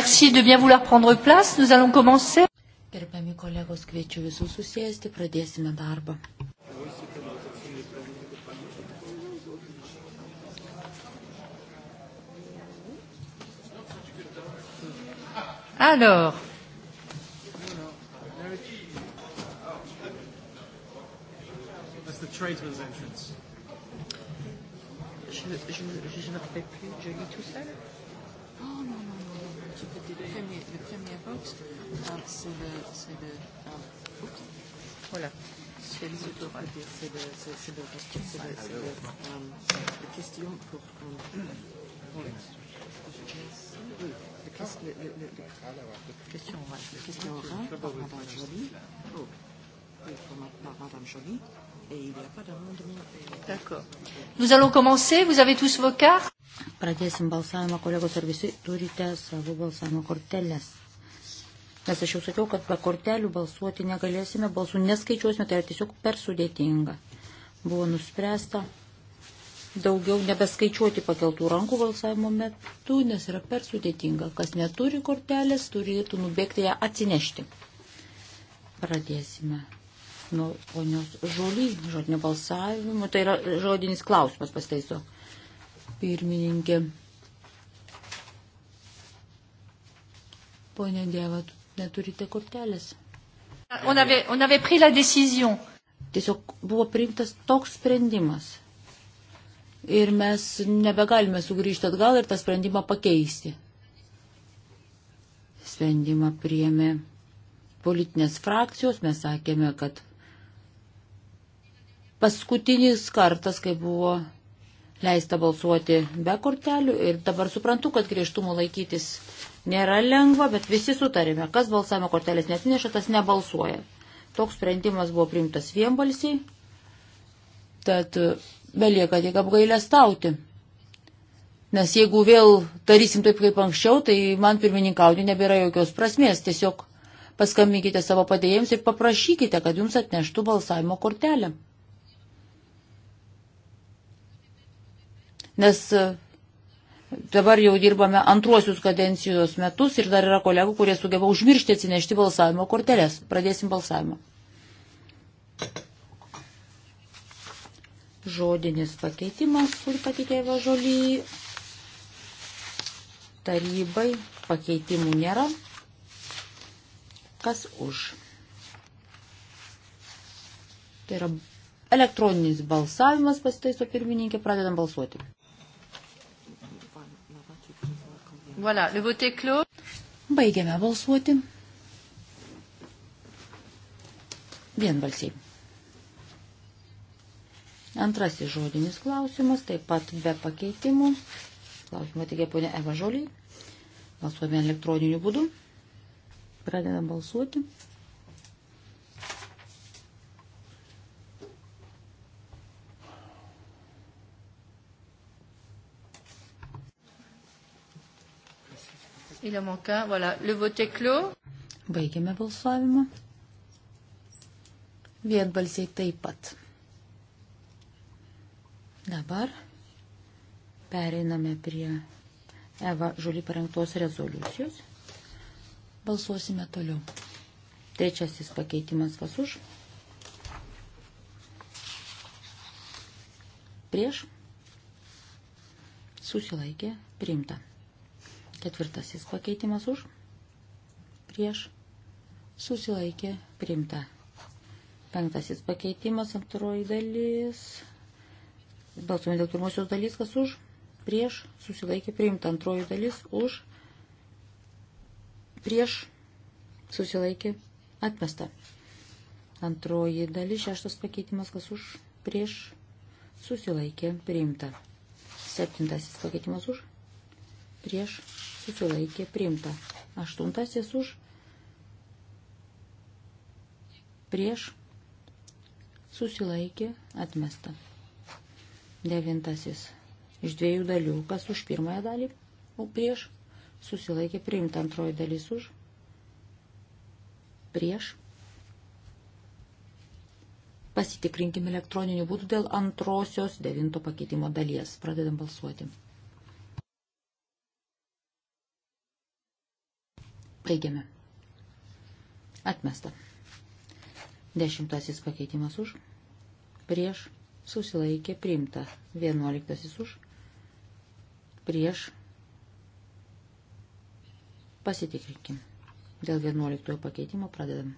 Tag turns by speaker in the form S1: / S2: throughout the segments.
S1: Merci de bien vouloir prendre place. Nous allons commencer.
S2: Gerbiami kolegos, kviečiu visus susėsti, pradėsime darbą.
S1: Alors, That's the tradesman's entrance. Je ne me rappelle plus, je lis
S3: tout seul qui peut être le premier, le premier vote, euh, c'est le, c'est le, euh, oups, voilà, c'est le, c'est le, c'est, c'est le, c'est le, c'est le, c'est le, euh, la question pour, euh, pour le, oui, la question, le, le, le, la question orale, la question orale par Madame Jolie, oh, oui, par Madame Jolie.
S1: Nous allons
S2: commencer. Vous avez tous vos cartes. Pradėsim balsavimą, kolegos, ar visi turite savo balsavimo kortelės. Nes aš jau sakiau, kad be kortelių balsuoti negalėsime, balsų neskaičiuosime, tai yra tiesiog per sudėtinga. Buvo nuspręsta daugiau nebeskaičiuoti pakeltų rankų balsavimo metu, nes yra per sudėtinga. Kas neturi kortelės, turėtų nubėgti ją atsinešti. Pradėsime nuo ponios žolį, žodinio balsavimo. Tai yra žodinis klausimas pasteiso pirmininkė. Pone Dieva, neturite kortelės. On avait, on avait pris la décision. Tiesiog buvo priimtas toks sprendimas. Ir mes nebegalime sugrįžti atgal ir tą sprendimą pakeisti. Sprendimą priėmė politinės frakcijos, mes sakėme, kad paskutinis kartas, kai buvo leista balsuoti be kortelių ir dabar suprantu, kad griežtumo laikytis nėra lengva, bet visi sutarėme, kas balsavimo kortelės netineša, tas nebalsuoja. Toks sprendimas buvo priimtas vienbalsiai, tad belieka tik apgailę stauti. Nes jeigu vėl darysim taip kaip anksčiau, tai man pirmininkauti nebėra jokios prasmės. Tiesiog paskambinkite savo padėjėjams ir paprašykite, kad jums atneštų balsavimo kortelę. nes e, dabar jau dirbame antruosius kadencijos metus ir dar yra kolegų, kurie sugeba užmiršti atsinešti balsavimo korteles. Pradėsim balsavimą. Žodinis pakeitimas, kurį pateikė važolį. Tarybai pakeitimų nėra. Kas už? Tai yra elektroninis balsavimas pasitaiso pirmininkė, pradedam balsuoti.
S1: Voilà, le vote est clos.
S2: Baigiame balsuoti. Vienbalsiai. Antrasis žodinis klausimas, taip pat be pakeitimų. Klausimą teikia ponė Eva Žoliai. Balsuojame elektroniniu būdu. Pradedam balsuoti. Balsuoti.
S1: Il en manque un, voilà. Le vote est clos.
S2: Baigėme balsavimą. Vienbalsiai taip pat. Dabar pereiname prie Eva Žuli parengtos rezoliucijos. Balsuosime toliau. Trečiasis pakeitimas kas už. Prieš. Susilaikė. Priimta. Ketvirtasis pakeitimas už, prieš, susilaikė, priimta. Penktasis pakeitimas, antroji dalis. Balsuojame dėl pirmosios dalis, kas už, prieš, susilaikė, priimta. Antroji dalis už, prieš, susilaikė, atmesta. Antroji dalis, šeštas pakeitimas, kas už, prieš, susilaikė, priimta. Septintasis pakeitimas už, prieš, susilaikė priimta. Aštuntasis už prieš susilaikė atmesta. Devintasis iš dviejų dalių, kas už pirmąją dalį, o prieš susilaikė priimta antroji dalis už prieš. Pasitikrinkime elektroniniu būdu dėl antrosios devinto pakeitimo dalies. Pradedam balsuoti. Baigiame. Atmesta. Dešimtasis pakeitimas už. Prieš susilaikė priimta. Vienuoliktasis už. Prieš. Pasitikrinkim. Dėl vienuoliktojo pakeitimo pradedam.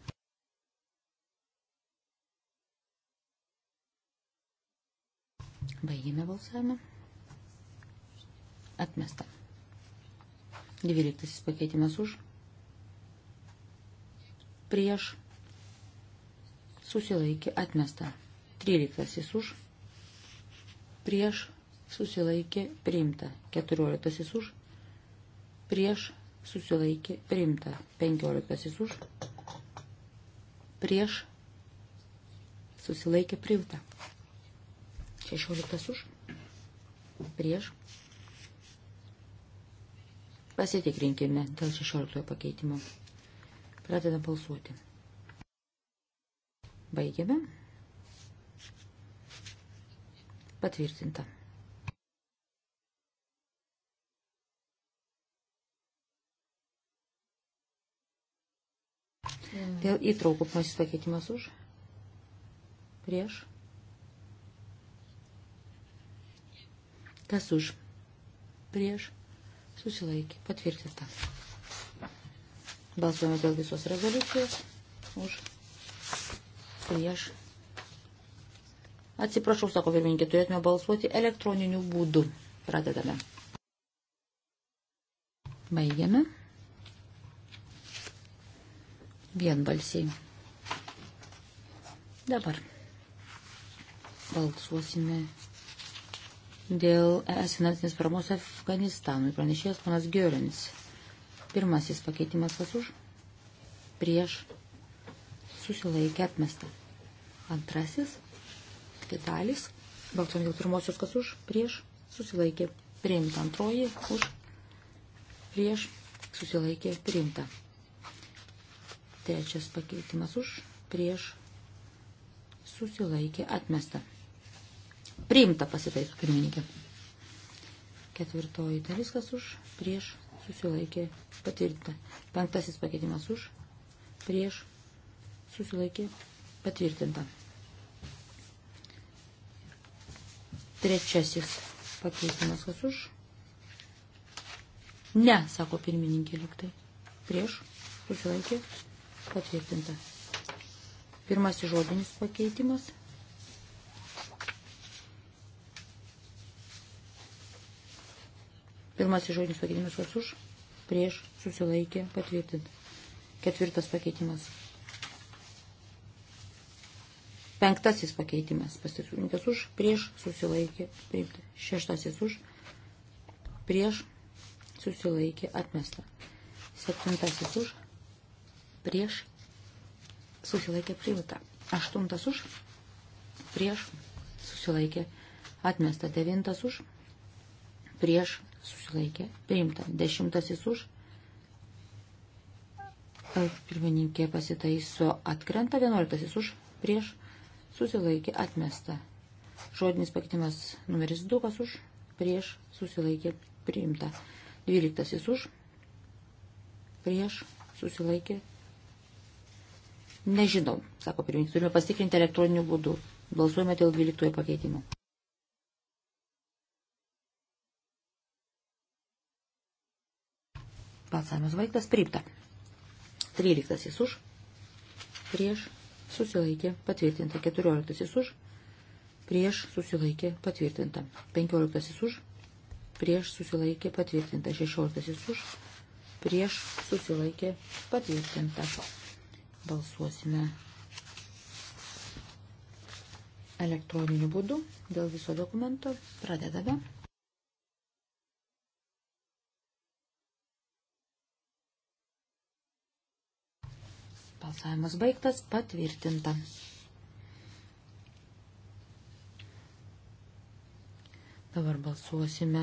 S2: Baigime balsavimą. Atmesta. Dvyliktasis pakeitimas už prieš susilaikė atmesta. 13 už prieš susilaikė priimta. 14 už prieš susilaikė priimta. 15 už prieš susilaikė priimta. 16 už prieš Pasitikrinkime dėl 16 pakeitimo. Pradeda balsuoti. Baigiame. Patvirtinta. Vėl įtraukumas pakeitimas už. Prieš. Kas už. Prieš. Susilaikė. Patvirtinta. Balsuojame dėl visos rezoliucijos. Už. Prieš. Atsiprašau, sako pirmininkė, turėtume balsuoti elektroniniu būdu. Pradedame. Baigiame. Vienbalsiai. Dabar balsuosime dėl esinantinės paramos Afganistanui. Pranešėjas panas Giorinis. Pirmasis pakeitimas kas už, prieš, susilaikė atmesta. Antrasis, vitalis, balsuom dėl pirmosios kas už, prieš, susilaikė, priimta. Antroji, už, prieš, susilaikė, priimta. Trečias pakeitimas už, prieš, susilaikė, atmesta. Priimta pasitaisų pirmininkė. Ketvirtoji dalis kas už, prieš, susilaikė patvirtinta. Penktasis pakeitimas už, prieš, susilaikė patvirtinta. Trečiasis pakeitimas kas už. Ne, sako pirmininkė liktai. Prieš, susilaikė patvirtinta. Pirmasis žodinis pakeitimas – Pirmasis žodinis pakeitimas kas už, prieš, susilaikė, patvirtinta. Ketvirtas pakeitimas. Penktasis pakeitimas pasirinktas už, prieš, susilaikė, priimta. Šeštasis už, prieš, susilaikė, atmesta. Septintasis už, prieš, susilaikė, priimta. Aštuntas už, prieš, susilaikė, atmesta. Devintas už, prieš, susilaikė priimta. Dešimtasis už pirmininkė pasitaiso atkrenta. Vienuoliktasis už prieš susilaikė atmesta. Žodinis pakeitimas numeris 2, kas už prieš susilaikė priimta. Dvyliktasis už prieš susilaikė. Nežinau, sako pirmininkas, turime pasitikrinti elektroniniu būdu. Balsuojame dėl dvyliktojo pakeitimo. Balsavimas vaiktas priimta. 13 už, prieš susilaikė patvirtinta. 14 už, prieš susilaikė patvirtinta. 15 už, prieš susilaikė patvirtinta. 16 už, prieš susilaikė patvirtinta. Balsuosime elektroniniu būdu dėl viso dokumento. Pradedame. Balsavimas baigtas, patvirtinta. Dabar balsuosime.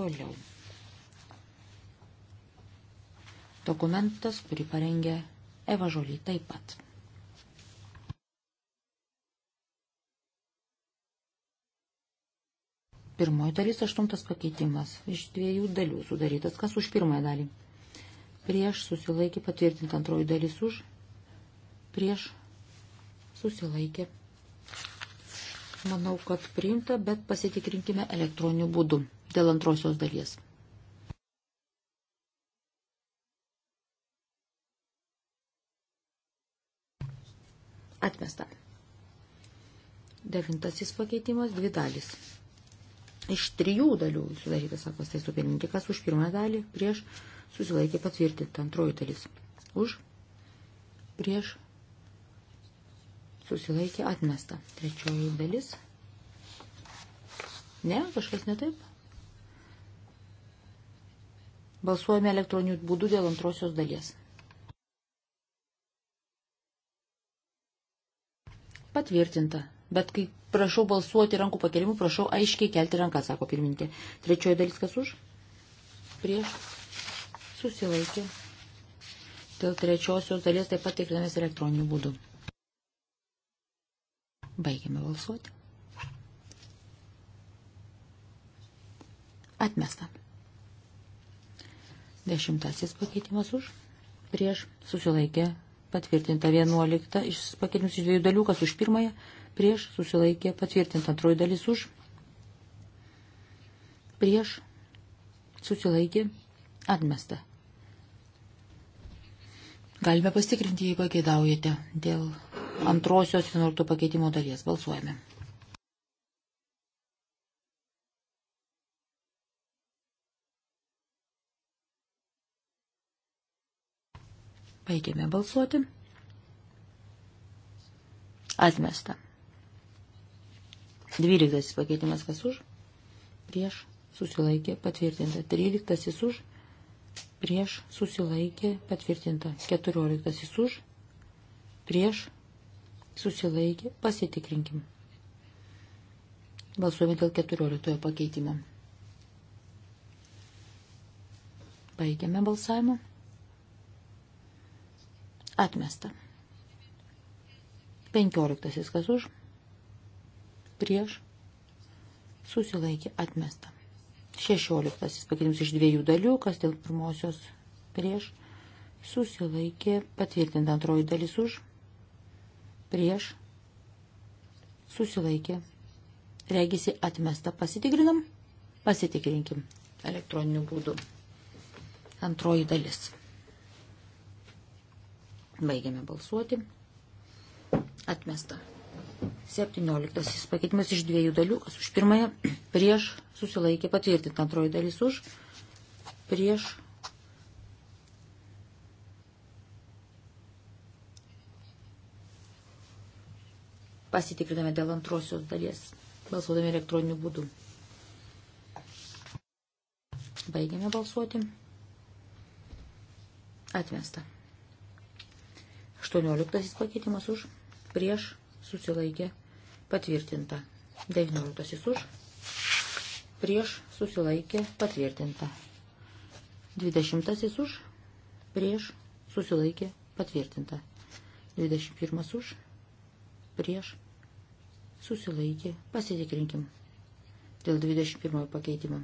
S2: Toliau. Dokumentas, kurį parengė Eva Žolį taip pat. Pirmoji dalis, aštuntas pakeitimas. Iš dviejų dalių sudarytas. Kas už pirmąją dalį? Prieš susilaikė patvirtinti antroji dalis už. Prieš susilaikė. Manau, kad priimta, bet pasitikrinkime elektroniniu būdu dėl antrosios dalies. Atmesta. Devintasis pakeitimas, dvi dalis iš trijų dalių sudarytas apvastaisto pirmininkas už pirmą dalį prieš susilaikė patvirtinti antroji dalis. Už prieš susilaikė atmesta. Trečioji dalis. Ne, kažkas netaip. Balsuojame elektroniniu būdu dėl antrosios dalies. Patvirtinta bet kai prašau balsuoti rankų pakelimu, prašau aiškiai kelti ranką, sako pirmininkė. Trečioji dalis kas už? Prieš. Susilaikė. Dėl trečiosios dalies taip pat tikrinamės elektroniniu būdu. Baigiame balsuoti. Atmesta. Dešimtasis pakeitimas už. Prieš susilaikė patvirtinta vienuolikta. Pakeitimus iš dviejų dalių, kas už pirmąją prieš susilaikė patvirtinta. Antroji dalis už, prieš susilaikė atmesta. Galime pastikrinti, jei pageidaujate, dėl antrosios 11 pakeitimo dalies. Balsuojame. Baigėme balsuoti. Atmesta. Dvyliktasis pakeitimas kas už, prieš susilaikė patvirtinta. Tryliktasis už, prieš susilaikė patvirtinta. Keturioliktasis už, prieš susilaikė pasitikrinkim. Balsuojame dėl keturioliktojo pakeitimo. Baigiame balsavimą. Atmesta. Penkioliktasis kas už prieš susilaikė atmesta. 16 pakeitimas iš dviejų dalių, kas dėl pirmosios prieš susilaikė patvirtinta antroji dalis už prieš susilaikė. Regisi atmesta. Pasitikrinam? Pasitikrinkim elektroniniu būdu. Antroji dalis. Baigiame balsuoti. Atmesta. 17 pakeitimas iš dviejų dalių, kas už pirmąją prieš susilaikė patvirtinti, antroji dalis už prieš pasitikriname dėl antrosios dalies, balsuodami elektroniniu būdu. Baigiame balsuoti. Atmesta. 18 pakeitimas už, prieš, susilaikė patvirtinta. 19 už, prieš susilaikė patvirtinta. 20 už, prieš susilaikė patvirtinta. 21 už, prieš susilaikė pasitikrinkim dėl 21 pakeitimo.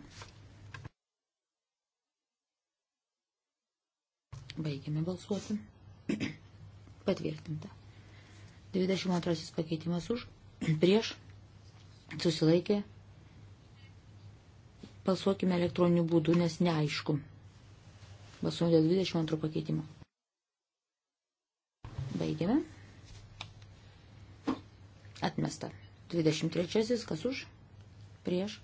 S2: Baigiame balsuoti. Patvirtinta. 22 pakeitimas už, prieš, susilaikė. Balsuokime elektroniniu būdu, nes neaišku. Balsuojame dėl 22 pakeitimo. Baigiame. Atmesta. 23 kas už, prieš,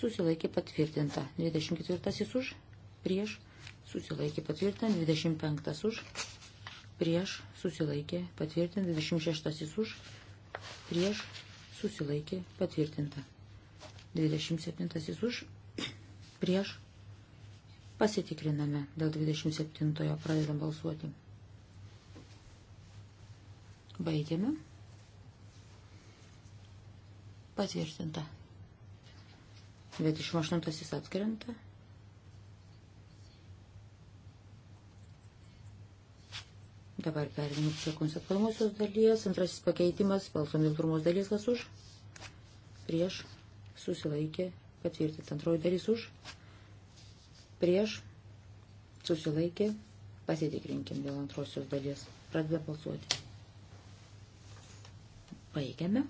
S2: susilaikė patvirtinta. 24 už, prieš, susilaikė patvirtinta. 25 už, prieš susilaikė patvirtinta, 26 už, prieš susilaikė patvirtinta, 27 už, prieš pasitikriname, dėl 27 pradedam balsuoti. Baigiame. Patvirtinta. 28 atkrenta. Dabar perėmėm prie konstatuojamosios dalies. Antrasis pakeitimas, balsom dėl pirmos dalies, kas už, prieš, susilaikė, patvirtinti. Antroji dalis už, prieš, susilaikė, pasitikrinkim dėl antrosios dalies. Pradeda balsuoti. Baigiame.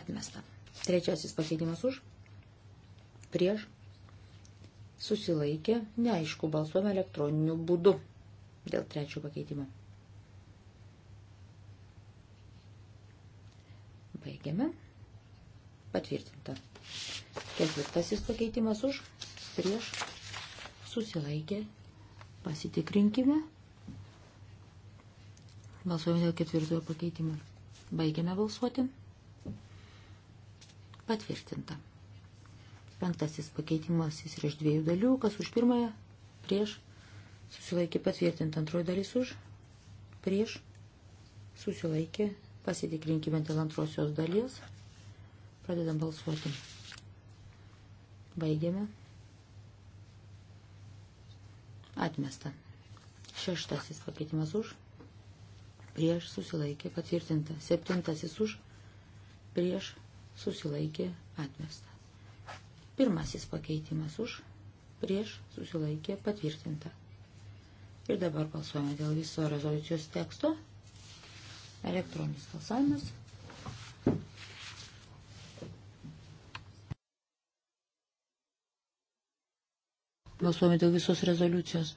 S2: Atmesta. Trečiasis pakeitimas už, prieš, susilaikė, neaišku, balsuojame elektroniniu būdu dėl trečio pakeitimo. Baigiame. Patvirtinta. Ketvirtasis pakeitimas už, prieš, susilaikė, pasitikrinkime. Balsuojame dėl ketvirtojo pakeitimo. Baigiame balsuoti. Patvirtinta. Penktasis pakeitimas jis yra iš dviejų dalių. Kas už pirmąją? Prieš. Susilaikė patvirtinti antroji dalis už. Prieš. Susilaikė. Pasitikrinkime dėl antrosios dalies. Pradedam balsuoti. Baigiame. Atmesta. Šeštasis pakeitimas už. Prieš susilaikė patvirtinta. Septintasis už. Prieš susilaikė atmesta. Pirmasis pakeitimas už, prieš, susilaikė, patvirtinta. Ir dabar balsuojame dėl viso rezoliucijos teksto. Elektroninis balsavimas. Balsuojame dėl visos rezoliucijos.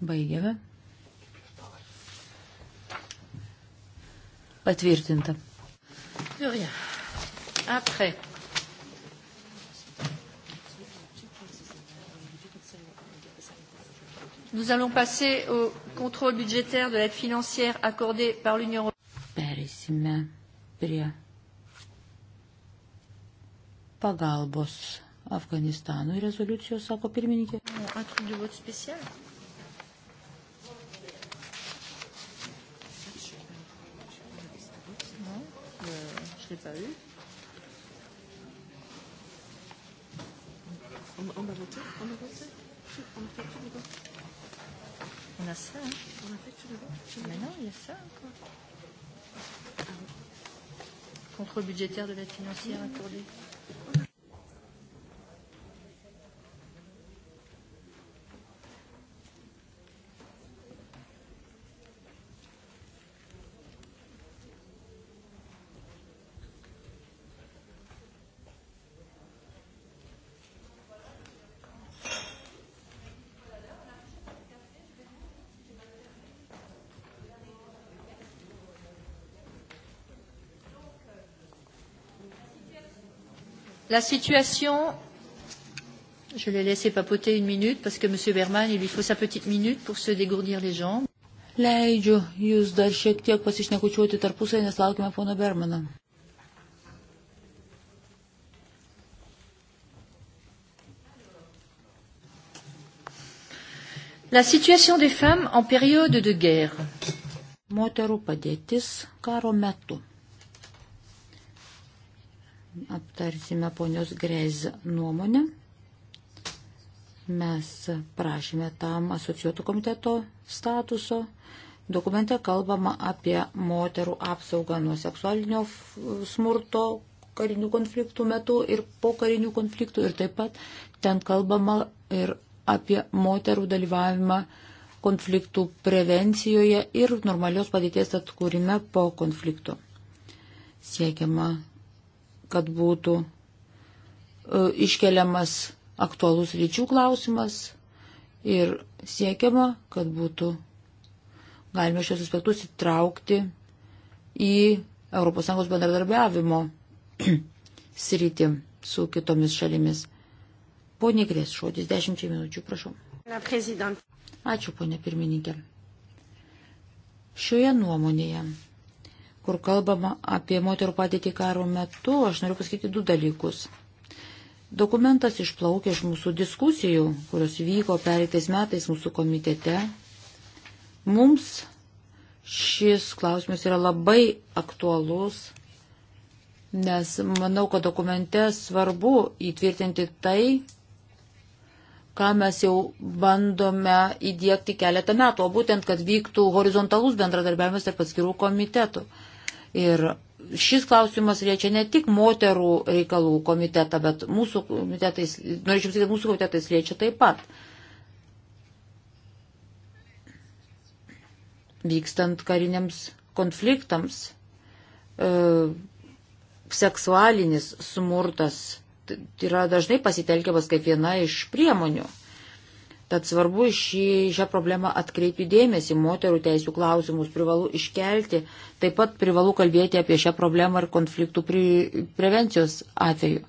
S2: Baigiame. Patvirtinta. Après.
S1: Nous allons passer au contrôle budgétaire de l'aide financière accordée par l'Union européenne.
S2: Pereisime prie pagalbos Afganistanui rezoliucijos, sako pirmininkė. Un truc de vote spécial
S1: je l'ai pas eu. On, on a voté On a voté On a fait tout le vote On a ça, hein On a fait tout le vote Mais non, il y a ça encore. Ah, oui. Contrôle budgétaire de l'aide financière accordée. Mmh. La situation, je l'ai laissé papoter une minute parce que M. Berman, il lui faut sa petite minute pour se dégourdir les jambes.
S2: Leidžiu jūs dar šiek tiek pasišnekučiuoti tarpusai, nes laukime pono Bermaną.
S1: La situation des femmes en période de guerre. Moterų padėtis
S2: karo metu aptarsime ponios Greiz nuomonę. Mes prašėme tam asociuotų komiteto statuso. Dokumente kalbama apie moterų apsaugą nuo seksualinio smurto karinių konfliktų metu ir po karinių konfliktų ir taip pat ten kalbama ir apie moterų dalyvavimą konfliktų prevencijoje ir normalios padėties atkūrime po konfliktų. Siekiama kad būtų e, iškeliamas aktualus lyčių klausimas ir siekiama, kad būtų galima šios aspektus įtraukti į ES bendradarbiavimo sritį su kitomis šalimis. Pone Grės, šodis 10 minučių, prašau. Ačiū, ponė pirmininkė. Šioje nuomonėje kur kalbama apie moterų padėtį karo metu, aš noriu pasakyti du dalykus. Dokumentas išplaukė iš mūsų diskusijų, kurios vyko pereitais metais mūsų komitete. Mums šis klausimas yra labai aktualus, nes manau, kad dokumente svarbu įtvirtinti tai, ką mes jau bandome įdėkti keletą metų, o būtent, kad vyktų horizontalus bendradarbiavimas tarp atskirų komitetų. Ir šis klausimas liečia ne tik moterų reikalų komitetą, bet mūsų komitetais, norėčiau sakyti, mūsų komitetais liečia taip pat. Vykstant kariniams konfliktams, e, seksualinis smurtas yra dažnai pasitelkiamas kaip viena iš priemonių Tad svarbu šį, šią problemą atkreipti dėmesį, moterų teisų klausimus privalu iškelti, taip pat privalu kalbėti apie šią problemą ir konfliktų pri, prevencijos atveju.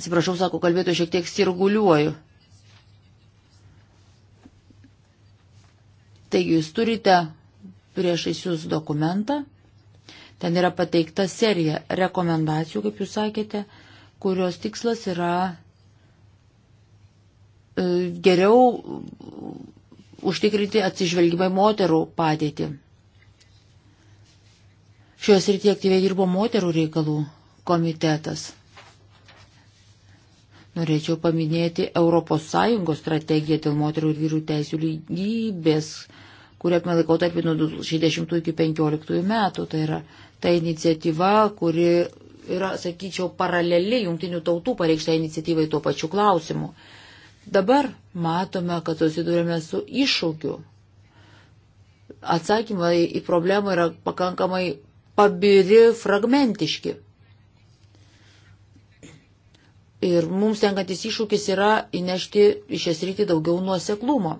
S2: Atsiprašau, sako, kalbėtų šiek tiek sirguliuoju. Taigi jūs turite priešais jūs dokumentą, ten yra pateikta serija rekomendacijų, kaip jūs sakėte, kurios tikslas yra E, geriau užtikrinti atsižvelgimą į moterų padėtį. Šios rytyje aktyviai dirbo moterų reikalų komitetas. Norėčiau paminėti ES strategiją dėl moterų ir vyrų teisų lygybės, kurią apmė laikotarpį nuo 2010 iki 2015 metų. Tai yra ta iniciatyva, kuri yra, sakyčiau, paraleli jungtinių tautų pareikšta iniciatyvai tuo pačiu klausimu. Dabar matome, kad susidurėme su iššūkiu. Atsakymai į problemą yra pakankamai pabiri, fragmentiški. Ir mums tenkantis iššūkis yra įnešti iš esrytį daugiau nuoseklumo.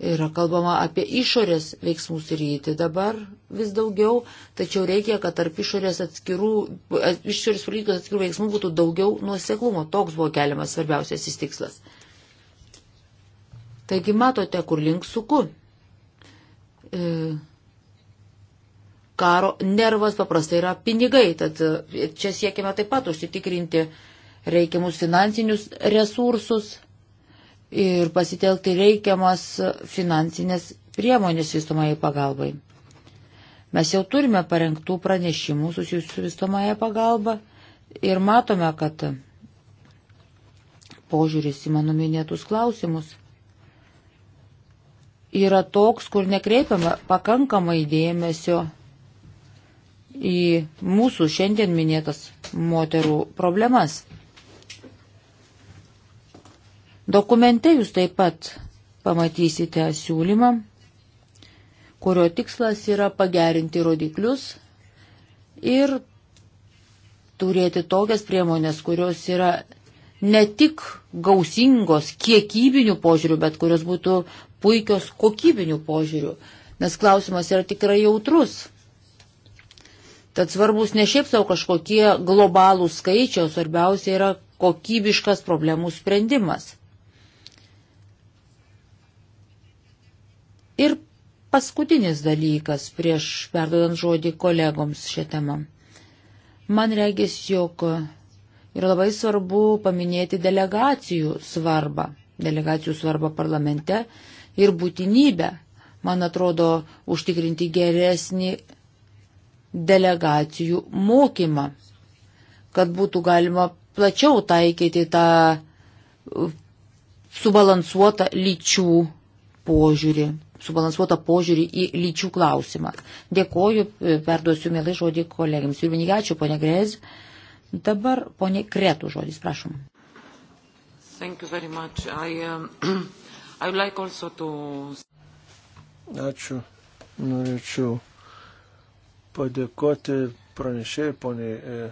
S2: Yra kalbama apie išorės veiksmus ryti dabar vis daugiau, tačiau reikia, kad tarp išorės, atskirų, išorės politikos atskirų veiksmų būtų daugiau nuoseklumo. Toks buvo keliamas svarbiausiasis tikslas. Taigi matote, kur link suku. E, karo nervas paprastai yra pinigai, tad e, čia siekime taip pat užsitikrinti reikiamus finansinius resursus ir pasitelkti reikiamas finansinės priemonės vystomai pagalbai. Mes jau turime parengtų pranešimų susijusių su vystomąją pagalbą ir matome, kad požiūris į mano minėtus klausimus yra toks, kur nekreipiame pakankamai dėmesio į mūsų šiandien minėtas moterų problemas. Dokumente jūs taip pat pamatysite siūlymą, kurio tikslas yra pagerinti rodiklius ir turėti tokias priemonės, kurios yra ne tik gausingos kiekybinių požiūrių, bet kurios būtų puikios kokybinių požiūrių, nes klausimas yra tikrai jautrus. Tad svarbus ne šiaip savo kažkokie globalų skaičiai, o svarbiausia yra kokybiškas problemų sprendimas. Ir paskutinis dalykas prieš perdodant žodį kolegoms šią temą. Man regis, jog yra labai svarbu paminėti delegacijų svarbą, delegacijų svarbą parlamente ir būtinybę, man atrodo, užtikrinti geresnį delegacijų mokymą, kad būtų galima plačiau taikyti tą uh, subalansuotą lyčių požiūrį subalansuotą požiūrį į lyčių klausimą. Dėkoju, e, perduosiu mielai žodį kolegiams. Ir minigačiu, ponė Grez. Dabar ponė Kretų žodis, prašom.
S3: I, um, I like to...
S4: Ačiū. Norėčiau padėkoti pranešėjai, poniai e,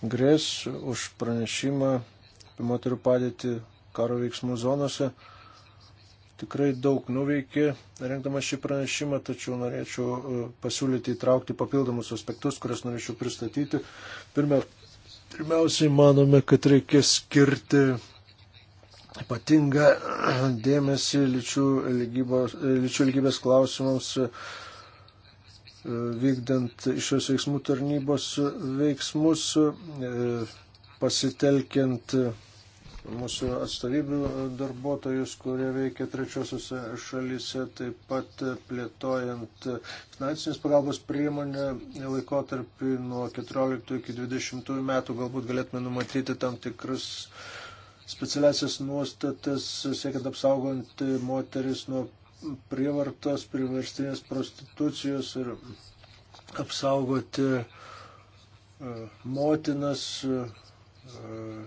S4: Grės, už pranešimą apie moterų padėtį karo veiksmų zonose tikrai daug nuveikė, rengdama šį pranešimą, tačiau norėčiau e, pasiūlyti įtraukti papildomus aspektus, kuriuos norėčiau pristatyti. Pirmia, pirmiausiai manome, kad reikės skirti ypatingą dėmesį lyčių, lygybos, e, lyčių lygybės klausimams e, vykdant šios veiksmų tarnybos veiksmus, pasitelkiant mūsų atstovybių darbuotojus, kurie veikia trečiosiuose šalyse, taip pat plėtojant finansinės pagalbos priemonę laikotarpį nuo 14 iki 20 metų, galbūt galėtume numatyti tam tikrus specialiasias nuostatas, siekiant apsaugoti moteris nuo prievartos, priverstinės prostitucijos ir apsaugoti e, motinas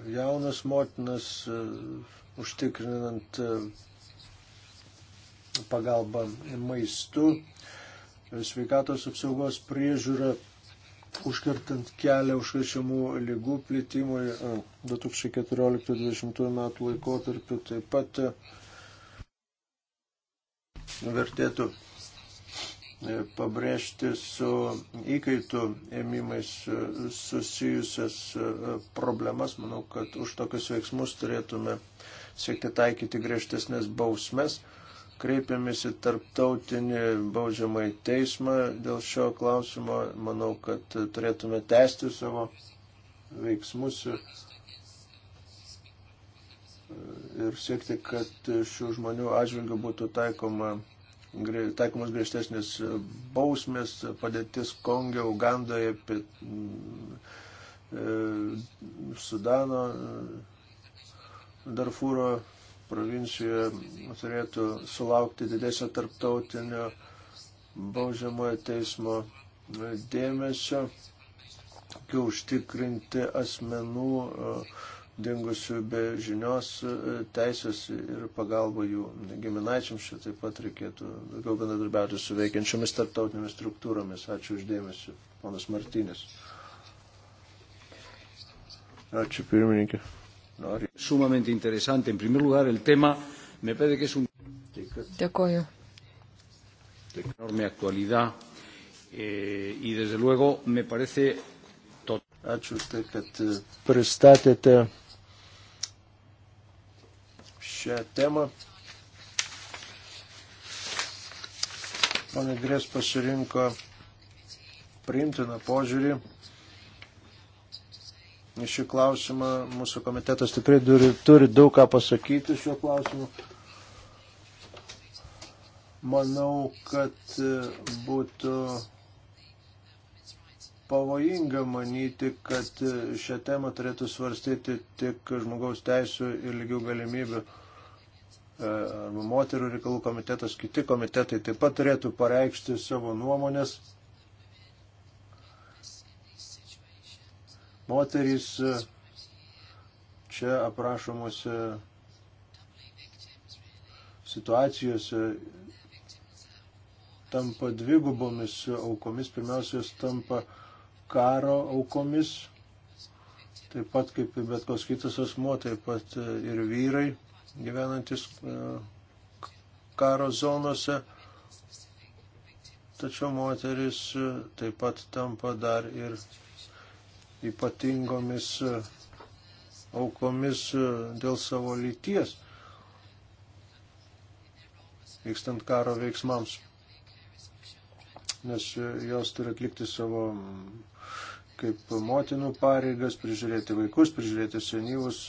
S4: E, jaunas motinas, e, užtikrinant e, pagalbą maistu, sveikatos apsaugos priežiūrą, užkirtant kelią užkrečiamų lygų plitimui 2014-2020 metų laikotarpiu taip pat vertėtų E, pabrėžti su įkaitų ėmimais e, susijusias e, problemas. Manau, kad už tokius veiksmus turėtume siekti taikyti griežtesnės bausmes. Kreipiamės į tarptautinį baudžiamąjį teismą dėl šio klausimo. Manau, kad turėtume tęsti savo veiksmus ir siekti, kad šių žmonių atžvilgių būtų taikoma taikomas griežtesnės bausmės, padėtis Konge, Ugandoje, Pit, e, Sudano, Darfūro provincijoje turėtų sulaukti didesnio tarptautinio baudžiamojo teismo dėmesio, kai užtikrinti asmenų uh, dingusių be žinios e, teisės ir pagalba jų giminaičiams. Čia taip pat reikėtų daugiau bendradarbiauti su veikiančiomis tarptautinėmis struktūromis. Ačiū uždėmesi, ponas Martinis. Ačiū pirmininkė. Nori. Sumamente interesante. En primer lugar, el tema me parece que es un. Dėkoju. De enorme actualidad eh, y desde luego me parece Ačiū už tai, kad e, pristatėte šią temą. Pane Grės pasirinko priimtiną požiūrį. Į šį klausimą mūsų komitetas tikrai turi, turi daug ką pasakyti šiuo klausimu. Manau, kad e, būtų pavojinga manyti, kad e, šią temą turėtų svarstyti tik žmogaus teisų ir lygių galimybių E, arba moterų reikalų komitetas, kiti komitetai taip pat turėtų pareikšti savo nuomonės. Moterys e, čia aprašomose situacijose tampa dvigubomis aukomis. Pirmiausia, jos tampa karo aukomis, taip pat kaip bet koks kitas asmo, taip pat ir vyrai gyvenantis e, karo zonose, tačiau moteris e, taip pat tampa dar ir ypatingomis e, aukomis dėl savo lyties vykstant karo veiksmams, nes jos turi atlikti savo kaip motinų pareigas, prižiūrėti vaikus, prižiūrėti senyvus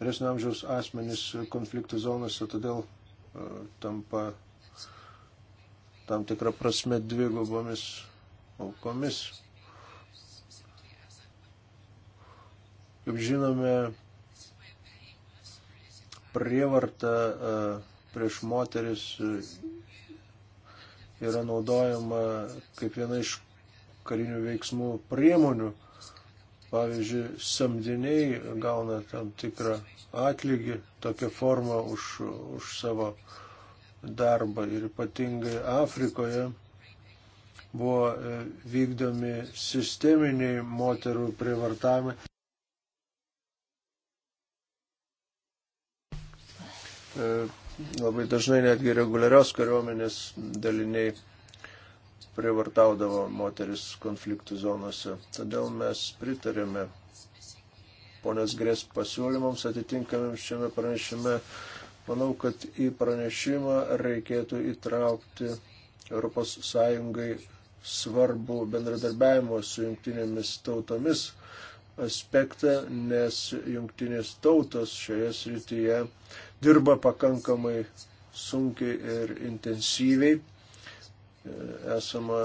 S4: vyresnio amžiaus asmenys konfliktų zonose, todėl e, tampa tam tikrą prasme dvigubomis aukomis. Kaip žinome, prievarta e, prieš moteris e, yra naudojama kaip viena iš karinių veiksmų priemonių Pavyzdžiui, samdiniai gauna tam tikrą atlygį, tokią formą už, už savo darbą ir ypatingai Afrikoje buvo e, vykdomi sisteminiai moterų prievartavimai. E, labai dažnai netgi reguliarios kariuomenės daliniai privartaudavo moteris konfliktų zonose. Todėl mes pritarėme ponės grės pasiūlymams atitinkamiems šiame pranešime. Manau, kad į pranešimą reikėtų įtraukti ES svarbu bendradarbiavimo su jungtinėmis tautomis aspektą, nes jungtinės tautos šioje srityje dirba pakankamai sunkiai ir intensyviai esama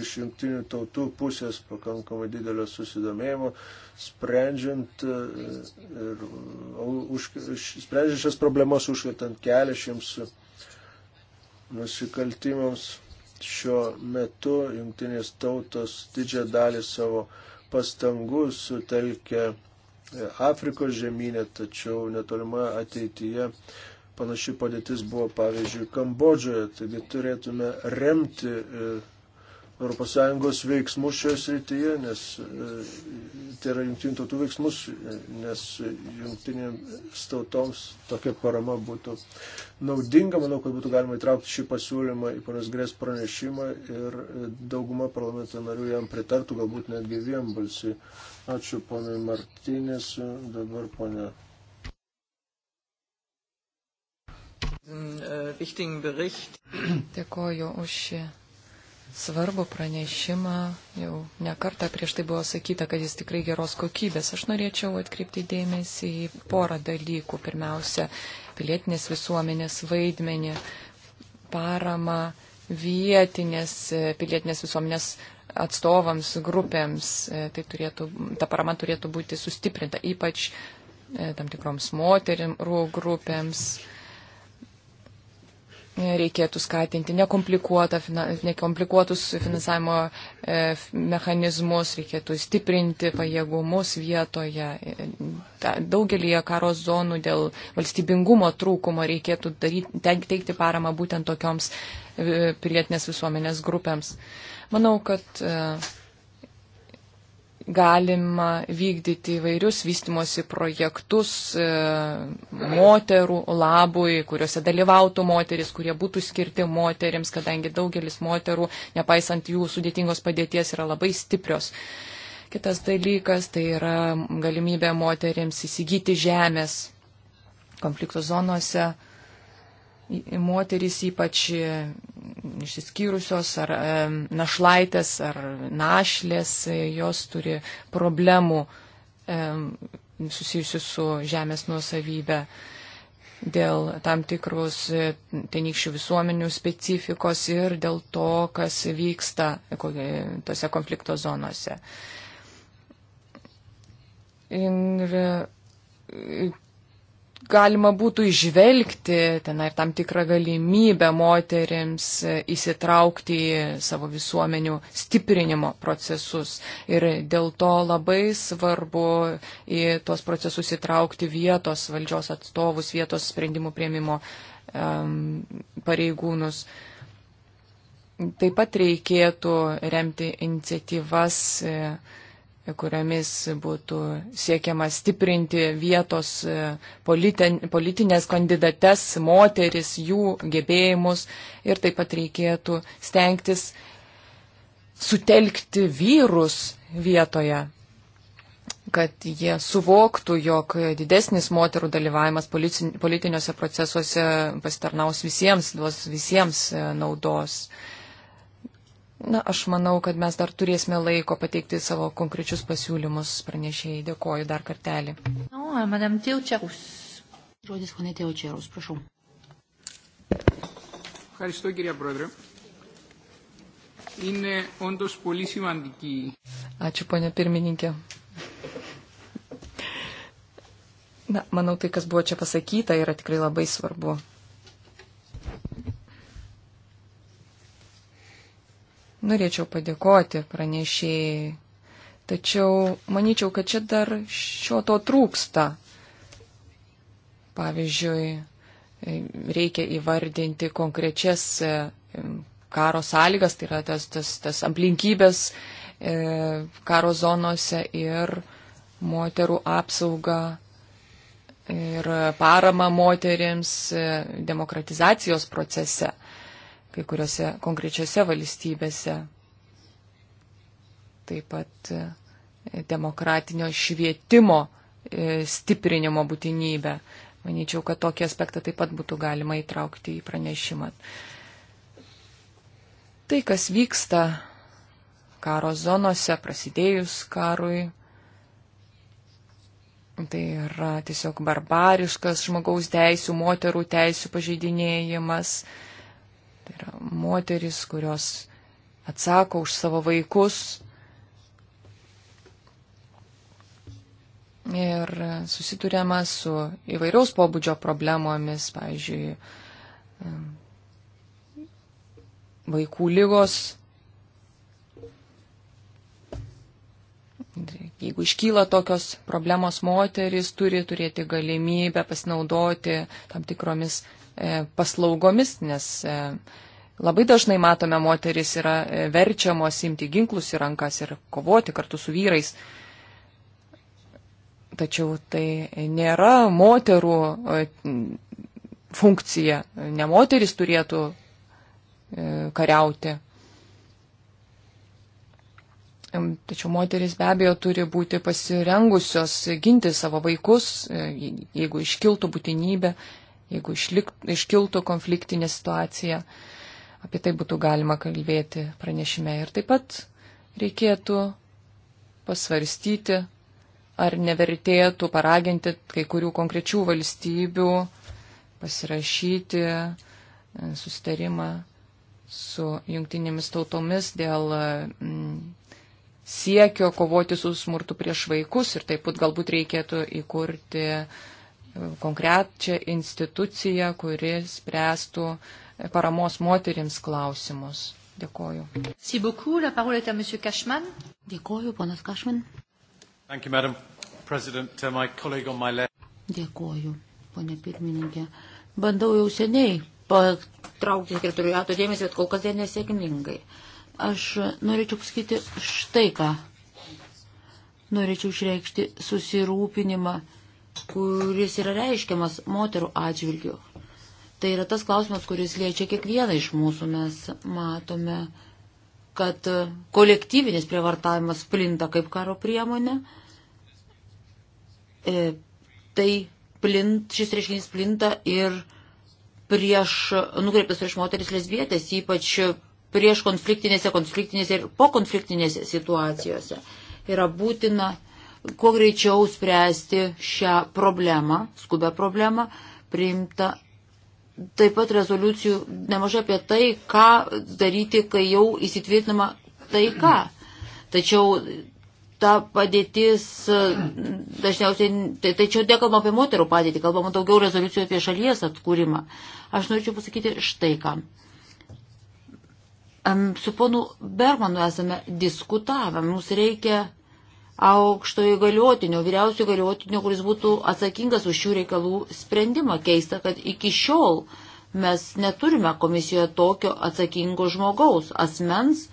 S4: iš jungtinių tautų pusės pakankamai didelio susidomėjimo, sprendžiant, e, ir, e, už, sprendžiant šias problemas, užkvietant kelią šiems nusikaltimams. Šiuo metu jungtinės tautos didžią dalį savo pastangų sutelkia Afrikos žemynė, tačiau netolimoje ateityje Panaši padėtis buvo, pavyzdžiui, Kambodžoje, taigi turėtume remti ES veiksmus šioje srityje, nes e, tai yra jungtinių tautų veiksmus, e, nes jungtinėms tautoms tokia parama būtų naudinga. Manau, kad būtų galima įtraukti šį pasiūlymą į panas grės pranešimą ir e, dauguma parlamento narių jam pritartų, galbūt netgi vienbalsiai. Ačiū ponai Martinės, dabar ponia
S3: Mm, e, wichtigen Bericht. Dėkoju už šį svarbų pranešimą. Jau nekarta prieš tai buvo sakyta, kad jis tikrai geros kokybės. Aš norėčiau atkreipti dėmesį į porą dalykų. Pirmiausia, pilietinės visuomenės vaidmenį, paramą vietinės e, pilietinės visuomenės atstovams, grupėms. E, tai turėtų, ta parama turėtų būti sustiprinta, ypač tam tikroms moterim grupėms reikėtų skatinti nekomplikuotus finansavimo e, mechanizmus, reikėtų stiprinti pajėgumus vietoje. E, Daugelį karo zonų dėl valstybingumo trūkumo reikėtų daryti, teikti paramą būtent tokioms e, pilietinės visuomenės grupėms. Manau, kad uh, galima vykdyti įvairius vystimosi projektus e, moterų labui, kuriuose dalyvautų moteris, kurie būtų skirti moteriams, kadangi daugelis moterų, nepaisant jų sudėtingos padėties, yra labai stiprios. Kitas dalykas tai yra galimybė moteriams įsigyti žemės konflikto zonose moterys ypač e, išsiskyrusios ar e, našlaitės ar našlės, e, jos turi problemų susijusių su žemės nuosavybė dėl tam tikrus tenykščių visuomenių specifikos ir dėl to, kas vyksta tose konflikto zonose. Ir galima būtų išvelgti ten ir tam tikrą galimybę moteriams įsitraukti į savo visuomenių stiprinimo procesus. Ir dėl to labai svarbu į tuos procesus įtraukti vietos valdžios atstovus, vietos sprendimų prieimimo um, pareigūnus. Taip pat reikėtų remti iniciatyvas. Uh, kuriamis būtų siekiama stiprinti vietos e, politinės kandidates, moteris, jų gebėjimus ir taip pat reikėtų stengtis sutelkti vyrus vietoje kad jie suvoktų, jog didesnis moterų dalyvavimas politiniuose procesuose pasitarnaus visiems, duos visiems e, naudos. Uh, Na, aš manau, kad mes dar turėsime laiko pateikti savo konkrečius pasiūlymus pranešėjai. Dėkoju dar kartelį.
S1: No, madam Tilčiarus.
S2: Žodis ponė Tilčiarus, prašau.
S3: Ευχαριστώ κυρία
S1: Πρόεδρε. Είναι όντως πολύ σημαντική.
S3: Ačiū ponia pirmininkė. Na, manau, tai, kas buvo čia pasakyta, yra tikrai labai svarbu. norėčiau padėkoti pranešėjai. Tačiau manyčiau, kad čia dar šio to trūksta. Pavyzdžiui, reikia įvardinti konkrečias e, karo sąlygas, tai yra tas, tas, tas aplinkybės e, karo zonose ir moterų apsaugą ir paramą moterims e, demokratizacijos procese kai kuriuose konkrečiose valstybėse. Taip pat e, demokratinio švietimo e, stiprinimo būtinybę. Manyčiau, kad tokį aspektą taip pat būtų galima įtraukti į pranešimą. Tai, kas vyksta karo zonose, prasidėjus karui, tai yra tiesiog barbariškas žmogaus teisų, moterų teisų pažeidinėjimas, Tai yra moteris, kurios atsako už savo vaikus. Ir susidurėma su įvairiaus pobūdžio problemomis, pavyzdžiui, vaikų lygos. Jeigu iškyla tokios problemos, moteris turi turėti galimybę pasinaudoti tam tikromis E, paslaugomis, nes e, labai dažnai matome moteris yra e, verčiamos imti ginklus į rankas ir kovoti kartu su vyrais. Tačiau tai nėra moterų funkcija, ne moteris turėtų kariauti. Tačiau moteris be abejo turi būti pasirengusios ginti savo vaikus, jeigu iškiltų būtinybė jeigu išlik, iškiltų konfliktinė situacija. Apie tai būtų galima kalbėti pranešime. Ir taip pat reikėtų pasvarstyti, ar nevertėtų paraginti kai kurių konkrečių valstybių pasirašyti e, sustarimą su jungtinėmis tautomis dėl mm, siekio kovoti su smurtu prieš vaikus ir taip pat galbūt reikėtų įkurti konkrečią instituciją, kuri spręstų paramos moterims klausimus. Dėkoju.
S1: Si beaucoup, la parole est à monsieur
S3: Cashman. Dėkoju,
S1: ponas Cashman. Thank you, madam president. Uh, my colleague on my left.
S2: Dėkoju, ponė pirmininkė. Bandau jau seniai patraukti sekretoriato dėmesį, bet kol kas dėl nesėkmingai. Aš norėčiau pasakyti štai ką. Norėčiau išreikšti susirūpinimą kuris yra reiškiamas moterų atžvilgių. Tai yra tas klausimas, kuris liečia kiekvieną iš mūsų. Mes matome, kad kolektyvinis prievartavimas plinta kaip karo priemonė. E, tai plint, šis reiškinys plinta ir prieš, nukreiptas prieš moteris lesbietės, ypač prieš konfliktinėse, konfliktinėse ir po konfliktinėse situacijose. Yra būtina kuo greičiau spręsti šią problemą, skubę problemą, priimta taip pat rezoliucijų nemažai apie tai, ką daryti, kai jau įsitvirtinama taika. Tačiau ta padėtis e, dažniausiai, tai, tačiau nekalbam apie moterų padėtį, kalbam daugiau rezoliucijų apie šalies atkūrimą. Aš norėčiau pasakyti štai ką. Su ponu Bermanu esame diskutavę, mums reikia aukštojo įgaliotinio, vyriausio įgaliotinio, kuris būtų atsakingas už šių reikalų sprendimą. Keista, kad iki šiol mes neturime komisijoje tokio atsakingo žmogaus, asmens,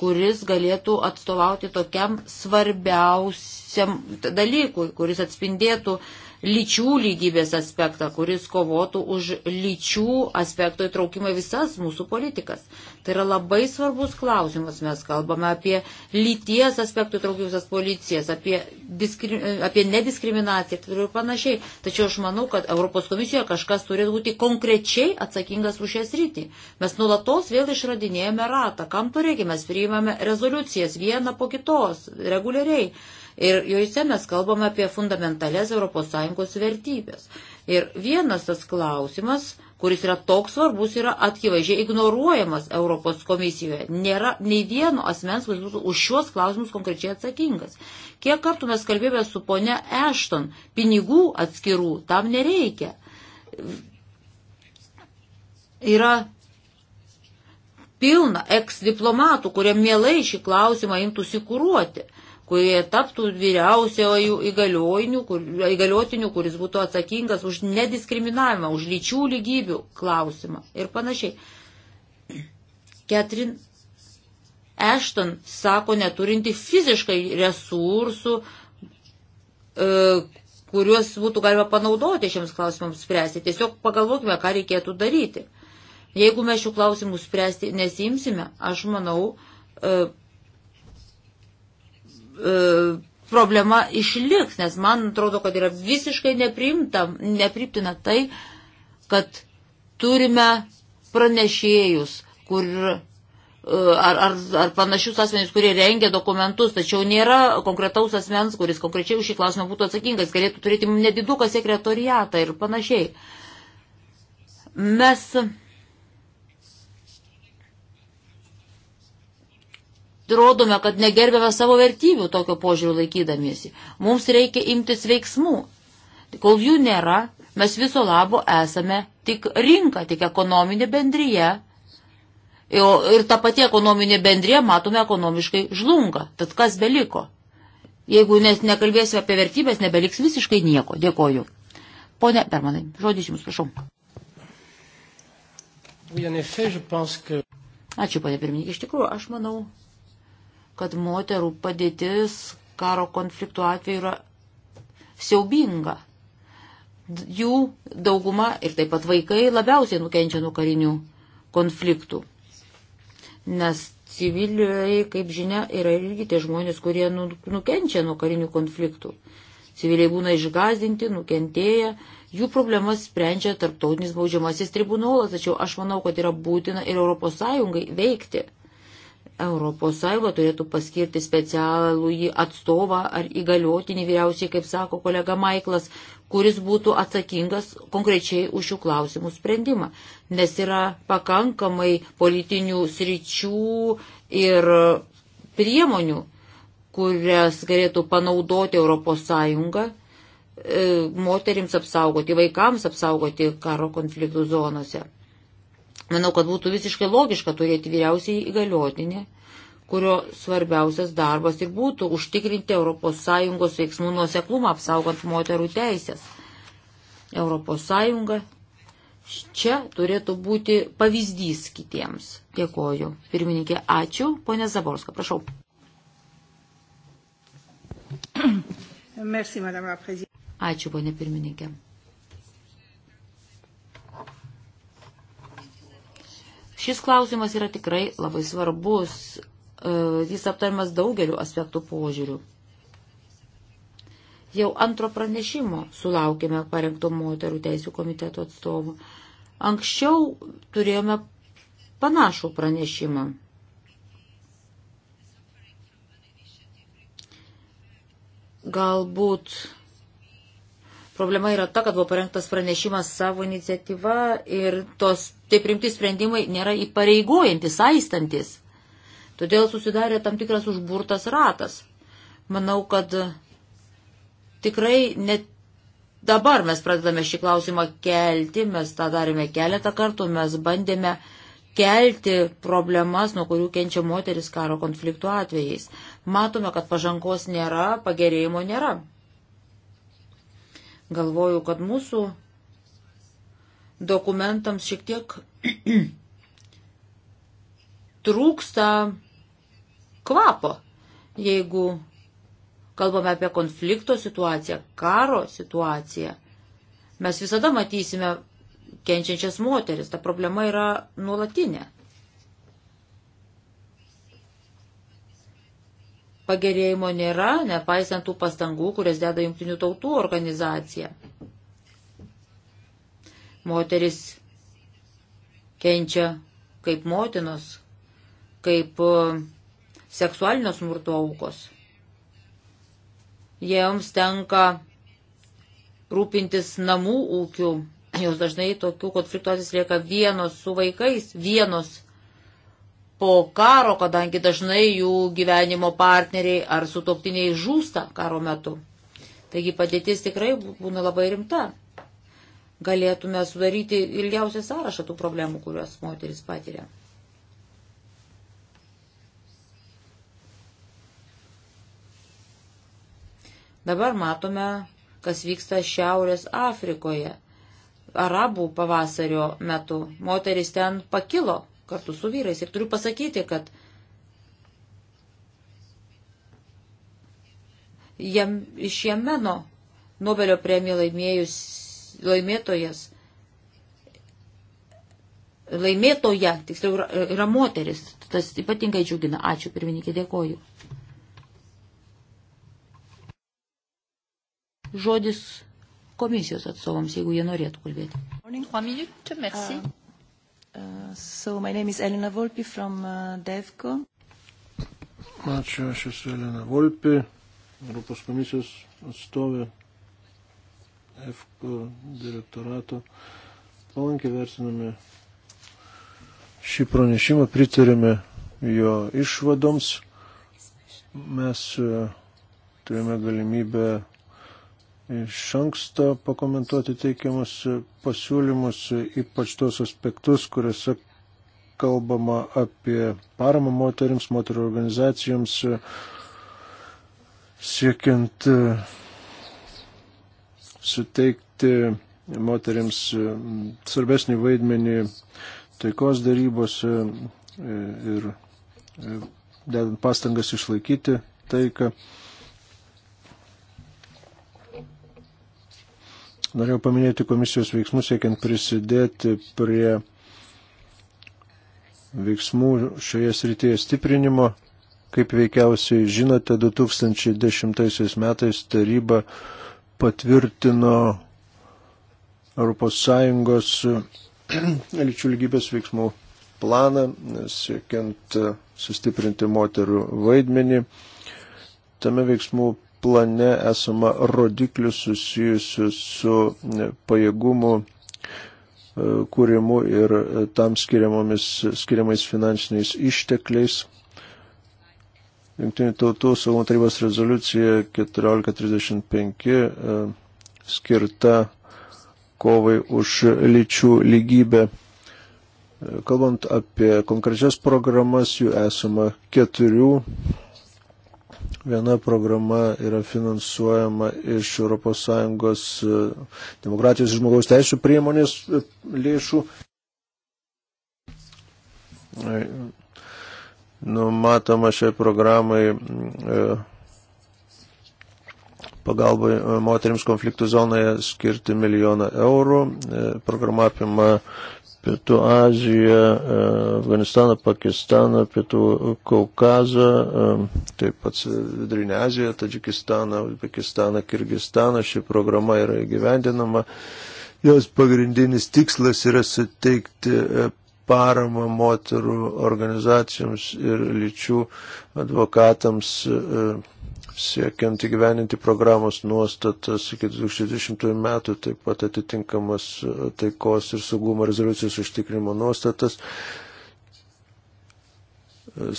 S2: kuris galėtų atstovauti tokiam svarbiausiam dalykui, kuris atspindėtų uh, lyčių lygybės aspektą, kuris kovotų už lyčių aspekto įtraukimą visas mūsų politikas. Tai yra labai svarbus klausimas. Mes kalbame apie lyties aspektų įtraukimusias policijas, apie, diskri, apie nediskriminaciją ir panašiai. Tačiau aš manau, kad Europos komisijoje kažkas turėtų būti konkrečiai atsakingas už šią sritį. Mes nulatos vėl išradinėjame ratą. Kam to reikia? Mes priimame rezoliucijas vieną po kitos, reguliariai. Ir juose mes kalbame apie fundamentales ES vertybės. Ir vienas tas klausimas, kuris yra toks svarbus, yra akivaizdžiai ignoruojamas Europos komisijoje. Nėra nei vieno asmens, kuris būtų už šios klausimus konkrečiai atsakingas. Kiek kartų mes kalbėjome su ponia Ešton, pinigų atskirų tam nereikia. Yra pilna eks diplomatų, kurie mielai šį klausimą imtųsi kūruoti kurie taptų vyriausiojų kur, įgaliotinių, kuris būtų atsakingas už nediskriminavimą, už lyčių lygybių klausimą ir panašiai. Ketrin Ešton sako neturinti fiziškai resursų, e, kuriuos būtų galima panaudoti šiems klausimams spręsti. Tiesiog pagalvokime, ką reikėtų daryti. Jeigu mes šių klausimų spręsti nesimsime, aš manau, e, E, problema išliks, nes man atrodo, kad yra visiškai nepriimtina tai, kad turime pranešėjus, kur e, ar, ar, ar panašius asmenys, kurie rengia dokumentus, tačiau nėra konkretaus asmens, kuris konkrečiai už šį klausimą būtų atsakingas, galėtų turėti nediduką sekretoriatą ir panašiai. Mes rodome, kad negerbėme savo vertybių tokio požiūrių laikydamiesi. Mums reikia imtis veiksmų. Kol jų nėra, mes viso labo esame tik rinka, tik ekonominė bendryje. Ir ta pati ekonominė bendryje matome ekonomiškai žlunga. Tad kas beliko? Jeigu nes nekalbėsime apie vertybės, nebeliks visiškai nieko. Dėkoju. Pone Permanai, žodis jums, prašau. Ačiū, ponė pirmininkė, iš tikrųjų, aš manau, kad moterų padėtis karo konfliktų atveju yra siaubinga. Jų dauguma ir taip pat vaikai labiausiai nukenčia nuo karinių konfliktų. Nes civiliai, kaip žinia, yra irgi tie žmonės, kurie nu, nukenčia nuo karinių konfliktų. Civiliai būna išgazdinti, nukentėję, jų problemas sprendžia tarptautinis baudžiamasis tribunolas, tačiau aš manau, kad yra būtina ir ES veikti ES turėtų paskirti specialų jį atstovą ar įgaliotinį vyriausiai, kaip sako kolega Maiklas, kuris būtų atsakingas konkrečiai už šių klausimų sprendimą. Nes yra pakankamai politinių sričių ir priemonių, kurias galėtų panaudoti ES e, moterims apsaugoti, vaikams apsaugoti karo konfliktų zonose. Manau, kad būtų visiškai logiška turėti vyriausiai įgaliotinį, kurio svarbiausias darbas ir būtų užtikrinti ES veiksmų nuoseklumą, apsaugant moterų teisės. ES čia turėtų būti pavyzdys kitiems. Dėkoju. Pirmininkė, ačiū. Pone Zaborska, prašau. Merci, Ačiū, ponė pirmininkė. Šis klausimas yra tikrai labai svarbus, e, jis aptariamas daugeliu aspektų požiūrių. Jau antro pranešimo sulaukėme parengto moterų teisų komiteto atstovų. Anksčiau turėjome panašų pranešimą. Galbūt Problema yra ta, kad buvo parengtas pranešimas savo iniciatyva ir tos taip rimti sprendimai nėra įpareigojantis, aistantis. Todėl susidarė tam tikras užburtas ratas. Manau, kad tikrai net dabar mes pradedame šį klausimą kelti, mes tą darėme keletą kartų, mes bandėme kelti problemas, nuo kurių kenčia moteris karo konfliktų atvejais. Matome, kad pažangos nėra, pagerėjimo nėra. Galvoju, kad mūsų dokumentams šiek tiek trūksta kvapo, jeigu kalbame apie konflikto situaciją, karo situaciją. Mes visada matysime kenčiančias moteris, ta problema yra nuolatinė. pagerėjimo nėra, nepaisant tų pastangų, kurias deda Junktinių tautų organizacija. Moteris kenčia kaip motinos, kaip e, seksualinio smurto aukos. Jiems tenka rūpintis namų ūkių, jos dažnai tokių konfliktų atsislieka vienos su vaikais, vienos po karo, kadangi dažnai jų gyvenimo partneriai ar sutoktiniai žūsta karo metu. Taigi padėtis tikrai būna labai rimta. Galėtume sudaryti ilgiausią sąrašą tų problemų, kuriuos moteris patiria. Dabar matome, kas vyksta Šiaurės Afrikoje. Arabų pavasario metu moteris ten pakilo kartu su vyrais. Ir turiu pasakyti, kad jam, iš Jemeno Nobelio premiją laimėjus, laimėtojas, laimėtoja, tiksliau, yra, yra moteris. Tas ypatingai džiugina. Ačiū, pirmininkė, dėkoju. Žodis komisijos atstovams, jeigu jie norėtų kalbėti. Morning, Uh, so my name is Elena
S1: Volpi from uh, DEVCO.
S4: Ačiū, aš esu Elena Volpi, Europos komisijos atstovė EFCO direktorato. Palankiai vertiname šį pranešimą, pritarėme jo išvadoms. Mes uh, turėjome galimybę iš anksto pakomentuoti teikiamus pasiūlymus, ypač tuos aspektus, kuriuose kalbama apie paramą moteriams, moterų organizacijoms, siekiant e, suteikti moteriams e, svarbesnį vaidmenį taikos darybose e, ir dedant pastangas išlaikyti taiką. Norėjau paminėti komisijos veiksmus, siekiant prisidėti prie veiksmų šioje srityje stiprinimo. Kaip veikiausiai žinote, 2010 metais taryba patvirtino ES lyčių lygybės veiksmų planą, siekiant sustiprinti moterų vaidmenį. Tame veiksmų plane esama rodiklių susijusių su pajėgumu e, kūrimu ir e, tam skiriamais finansiniais ištekliais. Junktinių tautų saugumo tarybos rezoliucija 1435 e, skirta kovai už lyčių lygybę. Kalbant apie konkrečias programas, jų esama keturių Viena programa yra finansuojama iš ES e, demokratijos ir žmogaus teisų priemonės e, lėšų. E, numatoma šiai programai pagalbai moteriams konfliktų zonoje skirti milijoną eurų. Programa apima Pietų Aziją, e, Afganistaną, Pakistaną, Pietų Kaukazą, e, taip pat Vidurinę Aziją, Tadžikistaną, Pakistaną, Kirgistaną. Ši programa yra įgyvendinama. Jos pagrindinis tikslas yra suteikti e, paramą moterų organizacijoms ir lyčių advokatams siekiant įgyveninti programos nuostatas iki 2020 metų, taip pat atitinkamas taikos ir saugumo rezoliucijos užtikrimo nuostatas,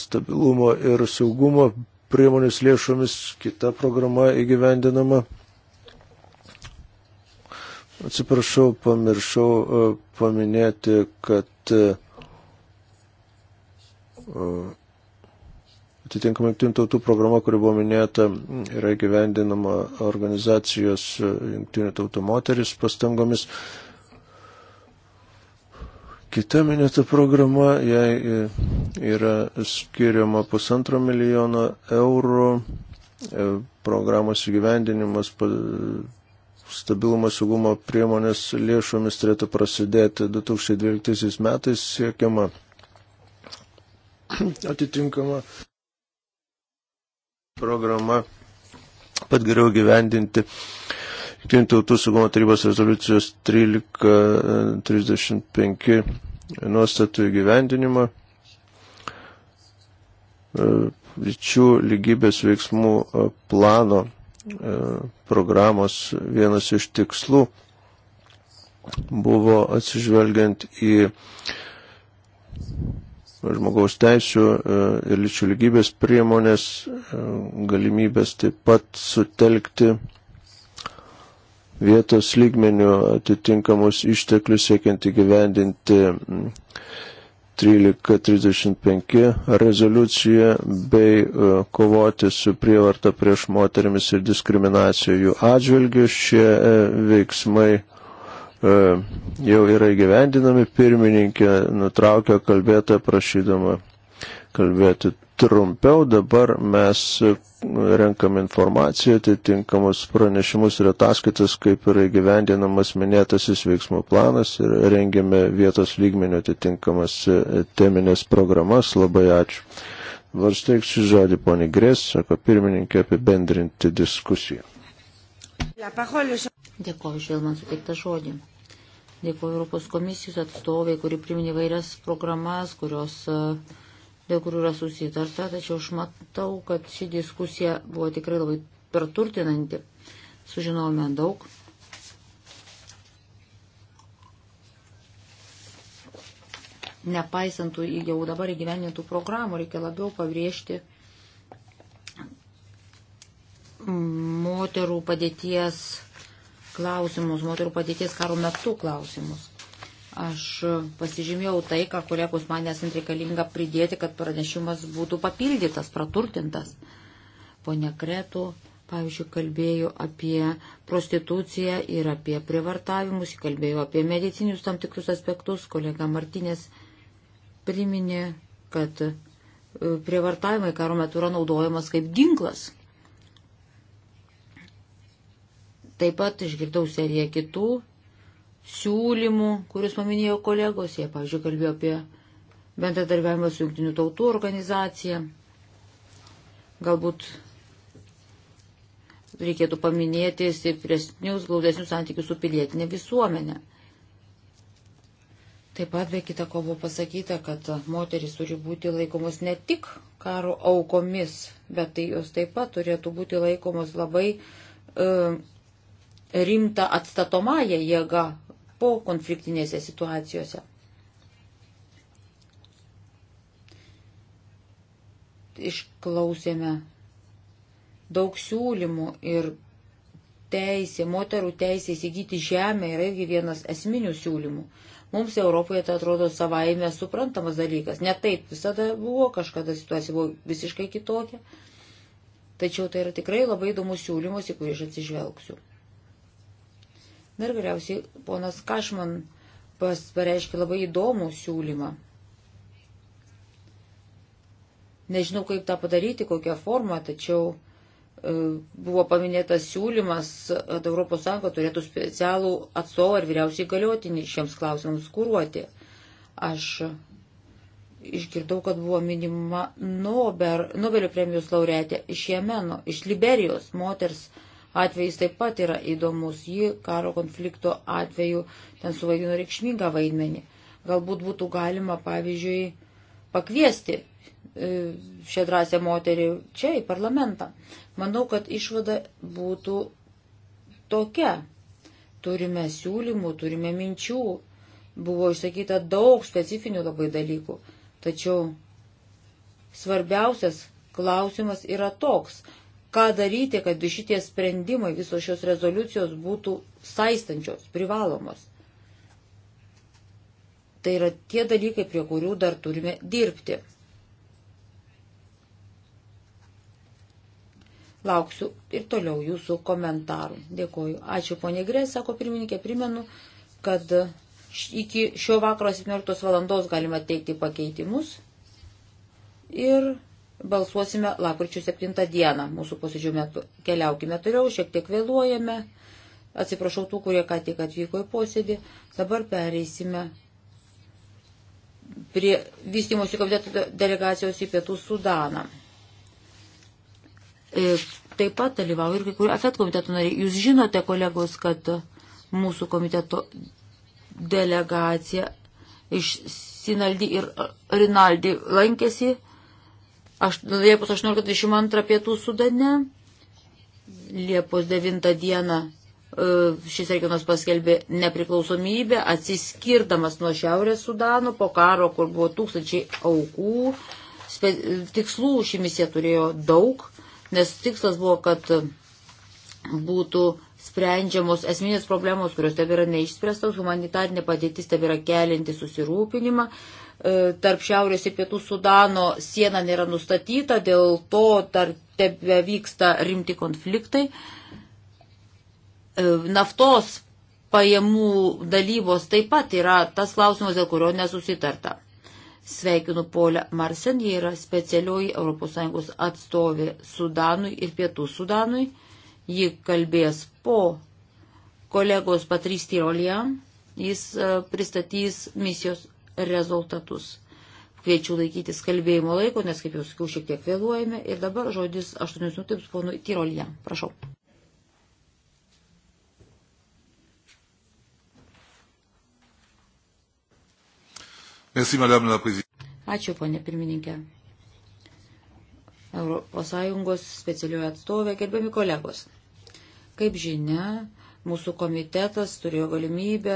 S4: stabilumo ir saugumo priemonės lėšomis, kita programa įgyvendinama. Atsiprašau, pamiršau e, paminėti, kad e, Atitinkama jungtinių tautų programa, kuri buvo minėta, yra gyvendinama organizacijos e, jungtinių tautų moteris pastangomis. Kita minėta programa, jai e, yra skiriama pusantro milijono eurų, e, programos įgyvendinimas stabilumo saugumo priemonės lėšomis turėtų prasidėti 2012 metais siekiama atitinkama programa pat geriau gyvendinti. Junktinių tautų saugumo tarybos rezoliucijos 1335 e, nuostatų įgyvendinimą, e, lyčių lygybės veiksmų e, plano programos vienas iš tikslų buvo atsižvelgiant į uh, žmogaus teisų e, ir lyčių lygybės priemonės, e, galimybės taip pat sutelkti vietos lygmenių atitinkamus išteklius siekiant įgyvendinti 1335 rezoliuciją bei e, kovoti su prievarta prieš moterimis ir diskriminacija jų atžvilgių. Šie veiksmai E, jau yra įgyvendinami, pirmininkė nutraukė kalbėtą prašydama kalbėti trumpiau, dabar mes renkam informaciją, atitinkamus pranešimus ir ataskaitas, kaip yra įgyvendinamas minėtasis veiksmų planas ir rengiame vietos lygmenio atitinkamas teminės programas. Labai ačiū. Varsteiksiu žodį poniai Grės, sako pirmininkė, apibendrinti diskusiją.
S2: Dėkoju už vėl man suteiktą žodį. Dėkoju Europos komisijos atstovai, kuri priminė vairias programas, kurios, e, dėl kurių yra susitarta, tačiau aš matau, kad ši diskusija buvo tikrai labai praturtinanti. Sužinojome daug. Nepaisant jau dabar įgyvenintų programų, reikia labiau pabrėžti moterų padėties klausimus, moterų padėties karo metu klausimus. Aš pasižymėjau tai, ką kolegos man esant reikalinga pridėti, kad pranešimas būtų papildytas, praturtintas. Pone Kretų, pavyzdžiui, kalbėjo apie prostituciją ir apie privartavimus, kalbėjo apie medicinius tam tikrus aspektus, kolega Martinės priminė, kad e, privartavimai karo metu yra naudojamas kaip ginklas. Taip pat išgirdau seriją kitų siūlymų, kuriuos paminėjo kolegos. Jie, pavyzdžiui, kalbėjo apie bendradarbiavimą su Junktinių tautų organizacija. Galbūt reikėtų paminėti stipresnius, glaudesnius santykius su pilietinė visuomenė. Taip pat be kita ko buvo pasakyta, kad moteris turi būti laikomos ne tik karo aukomis, bet tai jos taip pat turėtų būti laikomos labai e, rimta atstatomąją jėgą po konfliktinėse situacijose. Išklausėme daug siūlymų ir teisė, moterų teisė įsigyti žemę yra irgi vienas esminių siūlymų. Mums Europoje tai atrodo savaime suprantamas dalykas. Ne taip visada buvo, kažkada situacija buvo visiškai kitokia. Tačiau tai yra tikrai labai įdomus siūlymas, į kurį aš atsižvelgsiu. Dar galiausiai ponas Kašman pas pareiškė labai įdomų siūlymą. Nežinau, kaip tą padaryti, kokią formą, tačiau e, buvo paminėtas siūlymas, kad ES turėtų specialų atstovą ar vyriausiai galiotinį šiems klausimams kūruoti. Aš išgirdau, kad buvo minima Nobel, Nobelio premijos laureatė iš Jemeno, iš Liberijos moters atvejis taip pat yra įdomus. Ji karo konflikto atveju ten suvaidino reikšmingą vaidmenį. Galbūt būtų galima, pavyzdžiui, pakviesti e, šią drąsią moterį čia į parlamentą. Manau, kad išvada būtų tokia. Turime siūlymų, turime minčių. Buvo išsakyta daug specifinių labai dalykų. Tačiau svarbiausias klausimas yra toks, ką daryti, kad šitie sprendimai visos šios rezoliucijos būtų saistančios, privalomos. Tai yra tie dalykai, prie kurių dar turime dirbti. Lauksiu ir toliau jūsų komentarų. Dėkoju. Ačiū, ponė Grė, sako pirmininkė, primenu, kad iki šio vakaro 17 valandos galima teikti pakeitimus. Ir balsuosime lakryčio 7 dieną mūsų posėdžių metu. Keliaukime toliau, šiek tiek vėluojame. Atsiprašau tų, kurie ką tik atvyko į posėdį. Dabar pereisime prie vystimosi komiteto delegacijos į pietų Sudaną. Ir e, taip pat dalyvauja ir kai kurie AFET komiteto nariai. Jūs žinote, kolegos, kad mūsų komiteto delegacija iš Sinaldi ir Rinaldi lankėsi Aš, nu, Liepos 18-22 pietų Sudane, Liepos 9 dieną e, šis regionas paskelbė nepriklausomybę, atsiskirdamas nuo Šiaurės Sudano po karo, kur buvo tūkstančiai aukų. Tikslų ši misija turėjo daug, nes tikslas buvo, kad būtų sprendžiamos esminės problemos, kurios tebėra neišspręstos, humanitarinė padėtis tebėra kelinti susirūpinimą, E, tarp šiaurės ir pietų Sudano siena nėra nustatyta, dėl to dar tebe vyksta rimti konfliktai. E, naftos pajamų dalybos taip pat yra tas klausimas, dėl kurio nesusitarta. Sveikinu Polę Marsen, jie yra specialioji ES atstovė Sudanui ir Pietų Sudanui. Ji kalbės po kolegos Patrys Tyrolien, jis e, pristatys misijos rezultatus. Kviečiu laikytis kalbėjimo laiko, nes, kaip jau sakiau, šiek tiek vėluojame. Ir dabar žodis 8 minutėms ponui Tyrolyje. Prašau. Merci, madame la présidente. Ačiū, ponė pirmininkė. ES specialioje atstovė, gerbiami kolegos. Kaip žinia, Mūsų komitetas turėjo galimybę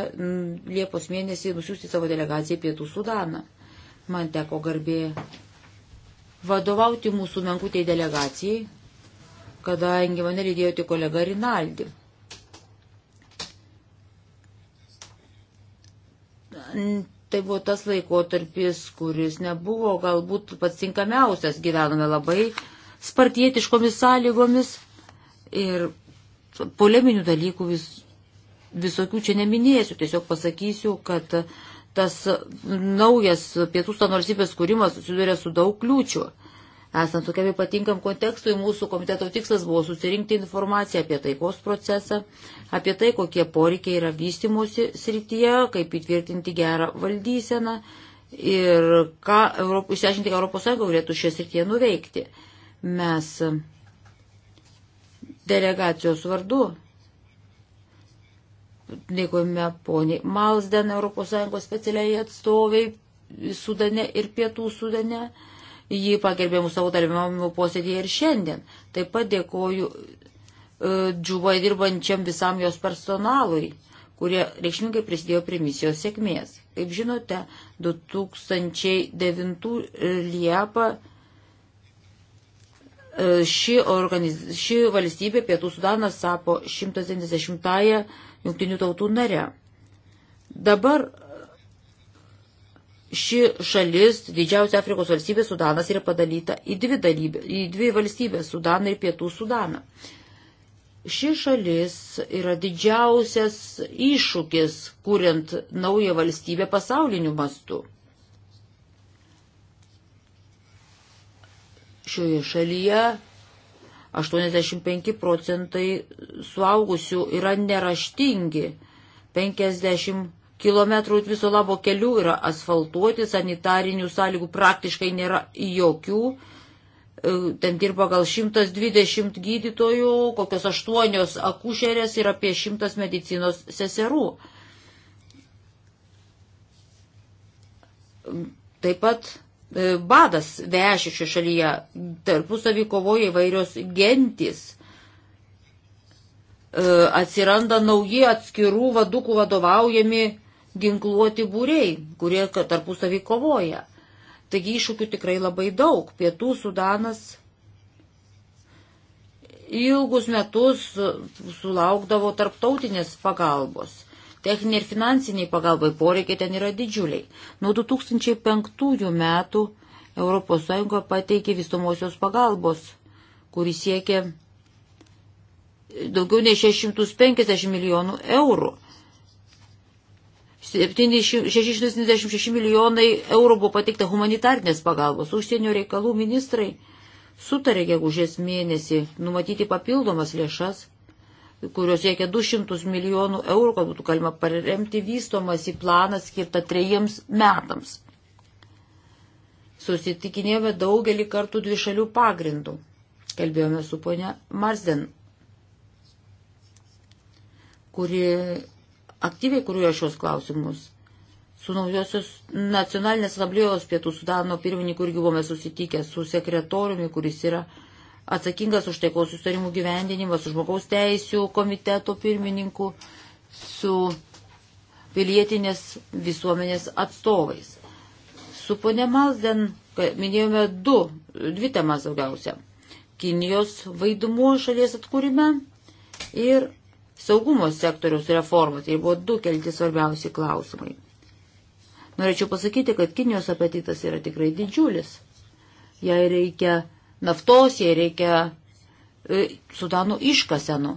S2: Liepos mėnesį nusiųsti savo delegaciją į Pietų Sudaną. Man teko garbė vadovauti mūsų menkutėj delegacijai, kadangi mane lydėjo tik kolega Rinaldi. Tai buvo tas laikotarpis, kuris nebuvo galbūt pats tinkamiausias, gyvenome labai spartietiškomis sąlygomis ir poleminių dalykų vis, visokių čia neminėsiu, tiesiog pasakysiu, kad tas naujas pietų stanorstybės kūrimas susiduria su daug kliūčių. Esant tokiam ypatingam kontekstui, mūsų komiteto tikslas buvo susirinkti informaciją apie taikos procesą, apie tai, kokie poreikiai yra vystimusi srityje, kaip įtvirtinti gerą valdyseną ir ką išsiaiškinti, ką ES galėtų šią srityje nuveikti. Mes delegacijos vardu dėkojame poniai Malsden, ES specialiai atstoviai Sudane ir Pietų Sudane. Ji pagerbė mūsų savo dalyvavimo posėdėje ir šiandien. Taip pat dėkoju e, džiuvoje dirbančiam visam jos personalui, kurie reikšmingai prisidėjo prie misijos sėkmės. Kaip žinote, 2009 Liepą E, ši, organiz... ši valstybė, Pietų Sudanas, tapo 190-ąją jungtinių tautų nare. Dabar ši šalis, didžiausia Afrikos valstybė Sudanas, yra padalyta į dvi, dalybė, į dvi valstybės - Sudaną ir Pietų Sudaną. Ši šalis yra didžiausias iššūkis, kuriant naują valstybę pasauliniu mastu. šioje šalyje 85 procentai suaugusių yra neraštingi, 50 km viso labo kelių yra asfaltuoti, sanitarinių sąlygų praktiškai nėra jokių. E, ten dirba gal 120 gydytojų, kokios 8 akušerės ir apie 100 medicinos seserų. Taip pat E, badas veši šioje šalyje, tarpusavį kovoja įvairios gentys, e, atsiranda nauji atskirų vadukų vadovaujami ginkluoti būrei, kurie tarpusavį kovoja. Taigi iššūkių tikrai labai daug. Pietų Sudanas ilgus metus sulaukdavo tarptautinės pagalbos techniniai ir finansiniai pagalbai poreikiai ten yra didžiuliai. Nuo 2005 metų ES pateikė vystomosios pagalbos, kuris siekia daugiau nei 650 milijonų eurų. 676 milijonai eurų buvo pateikta humanitarnės pagalbos. Užsienio reikalų ministrai sutarė gegužės mėnesį numatyti papildomas lėšas kurios siekia 200 milijonų eurų, kad būtų galima paremti vystomas į planą skirtą trejiems metams. Susitikinėjome daugelį kartų dvišalių pagrindų. Kalbėjome su ponia Marsden, kuri aktyviai kuriuo šios klausimus. Su naujosios nacionalinės asamblėjos pietų sudano pirmininku irgi buvome susitikę su sekretoriumi, kuris yra uh, atsakingas už taikos sustarimų gyvendinimą, su žmogaus teisų komiteto pirmininku, su pilietinės visuomenės atstovais. Su ponė Malden minėjome du, dvi temas daugiausia. Kinijos vaidmuo šalies atkūrime ir saugumo sektoriaus reforma. Tai buvo du kelti svarbiausi klausimai. Norėčiau pasakyti, kad Kinijos apetitas yra tikrai didžiulis. Jai reikia naftos, jai reikia e, Sudano iškasenų.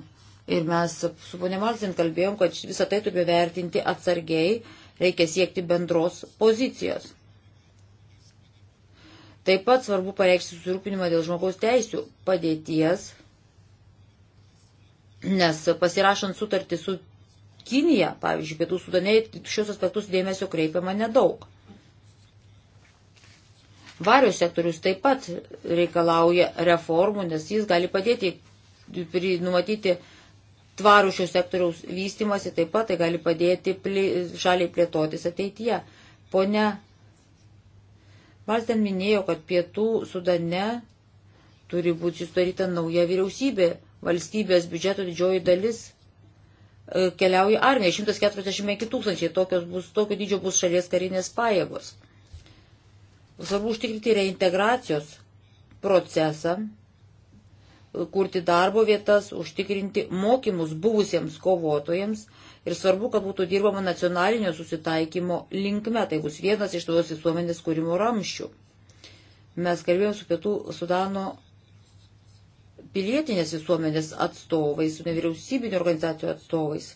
S2: Ir mes su ponė Malsin kalbėjom, kad visą tai turime vertinti atsargiai, reikia siekti bendros pozicijos. Taip pat svarbu pareikšti susirūpinimą dėl žmogaus teisų padėties, nes pasirašant sutartį su Kinija, pavyzdžiui, pietų sudanei, šios aspektus dėmesio kreipiama nedaug. Vario sektorius taip pat reikalauja reformų, nes jis gali padėti numatyti tvarų šio sektoriaus vystimasi, taip pat tai gali padėti plė, šaliai plėtotis ateityje. Pone Valten minėjo, kad pietų Sudane turi būti sudaryta nauja vyriausybė. Valstybės biudžeto didžioji dalis e, keliauja armija. 145 tūkstančiai tokio dydžio bus šalies karinės pajėgos. Svarbu užtikrinti reintegracijos procesą, kurti darbo vietas, užtikrinti mokymus buvusiems kovotojams ir svarbu, kad būtų dirbama nacionalinio susitaikymo linkme. Tai bus vienas iš tos visuomenės kūrimo ramščių. Mes kalbėjome su pietų Sudano pilietinės visuomenės atstovais, su nevyriausybinio organizacijų atstovais.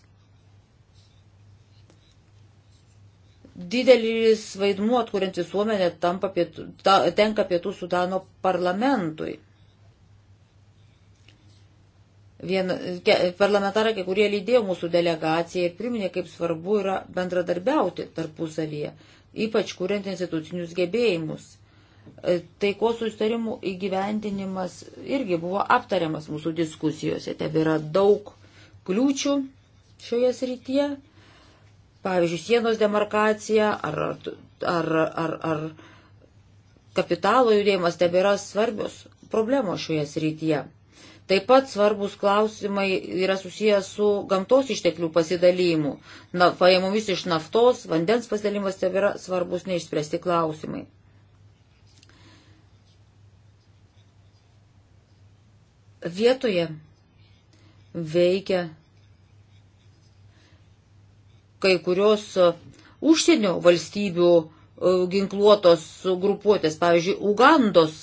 S2: didelis vaidmuo atkuriant visuomenę tampa pietų, ta, tenka pietų sudano parlamentui. Vien, ke, parlamentarai, kai kurie lydėjo mūsų delegaciją ir priminė, kaip svarbu yra bendradarbiauti tarpusavyje, ypač kuriant institucinius gebėjimus. E, taikos sustarimų įgyvendinimas irgi buvo aptariamas mūsų diskusijose. Tebėra daug kliūčių šioje srityje pavyzdžiui, sienos demarkacija ar, ar, ar, ar kapitalo judėjimas tebėra svarbios problemos šioje srityje. Taip pat svarbus klausimai yra susijęs su gamtos išteklių pasidalymu. Na, pajamomis iš naftos, vandens pasidalimas tebėra svarbus neišspręsti klausimai. Vietoje veikia kai kurios e, užsienio valstybių e, ginkluotos grupuotės, pavyzdžiui, Ugandos,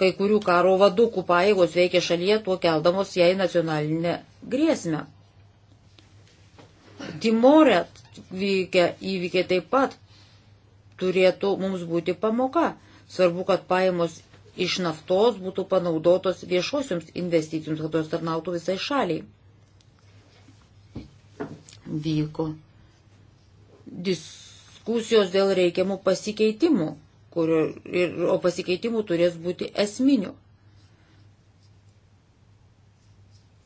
S2: kai kurių karo vadukų paėgos veikia šalyje, tuo keldamos jai nacionalinę grėsmę. Timorė vykę įvykiai taip pat turėtų mums būti pamoka. Svarbu, kad paėmos iš naftos būtų panaudotos viešosioms investicijoms, kad jos tarnautų visai šaliai. Vyko diskusijos dėl reikiamų pasikeitimų, kurio, ir, o pasikeitimų turės būti esminių.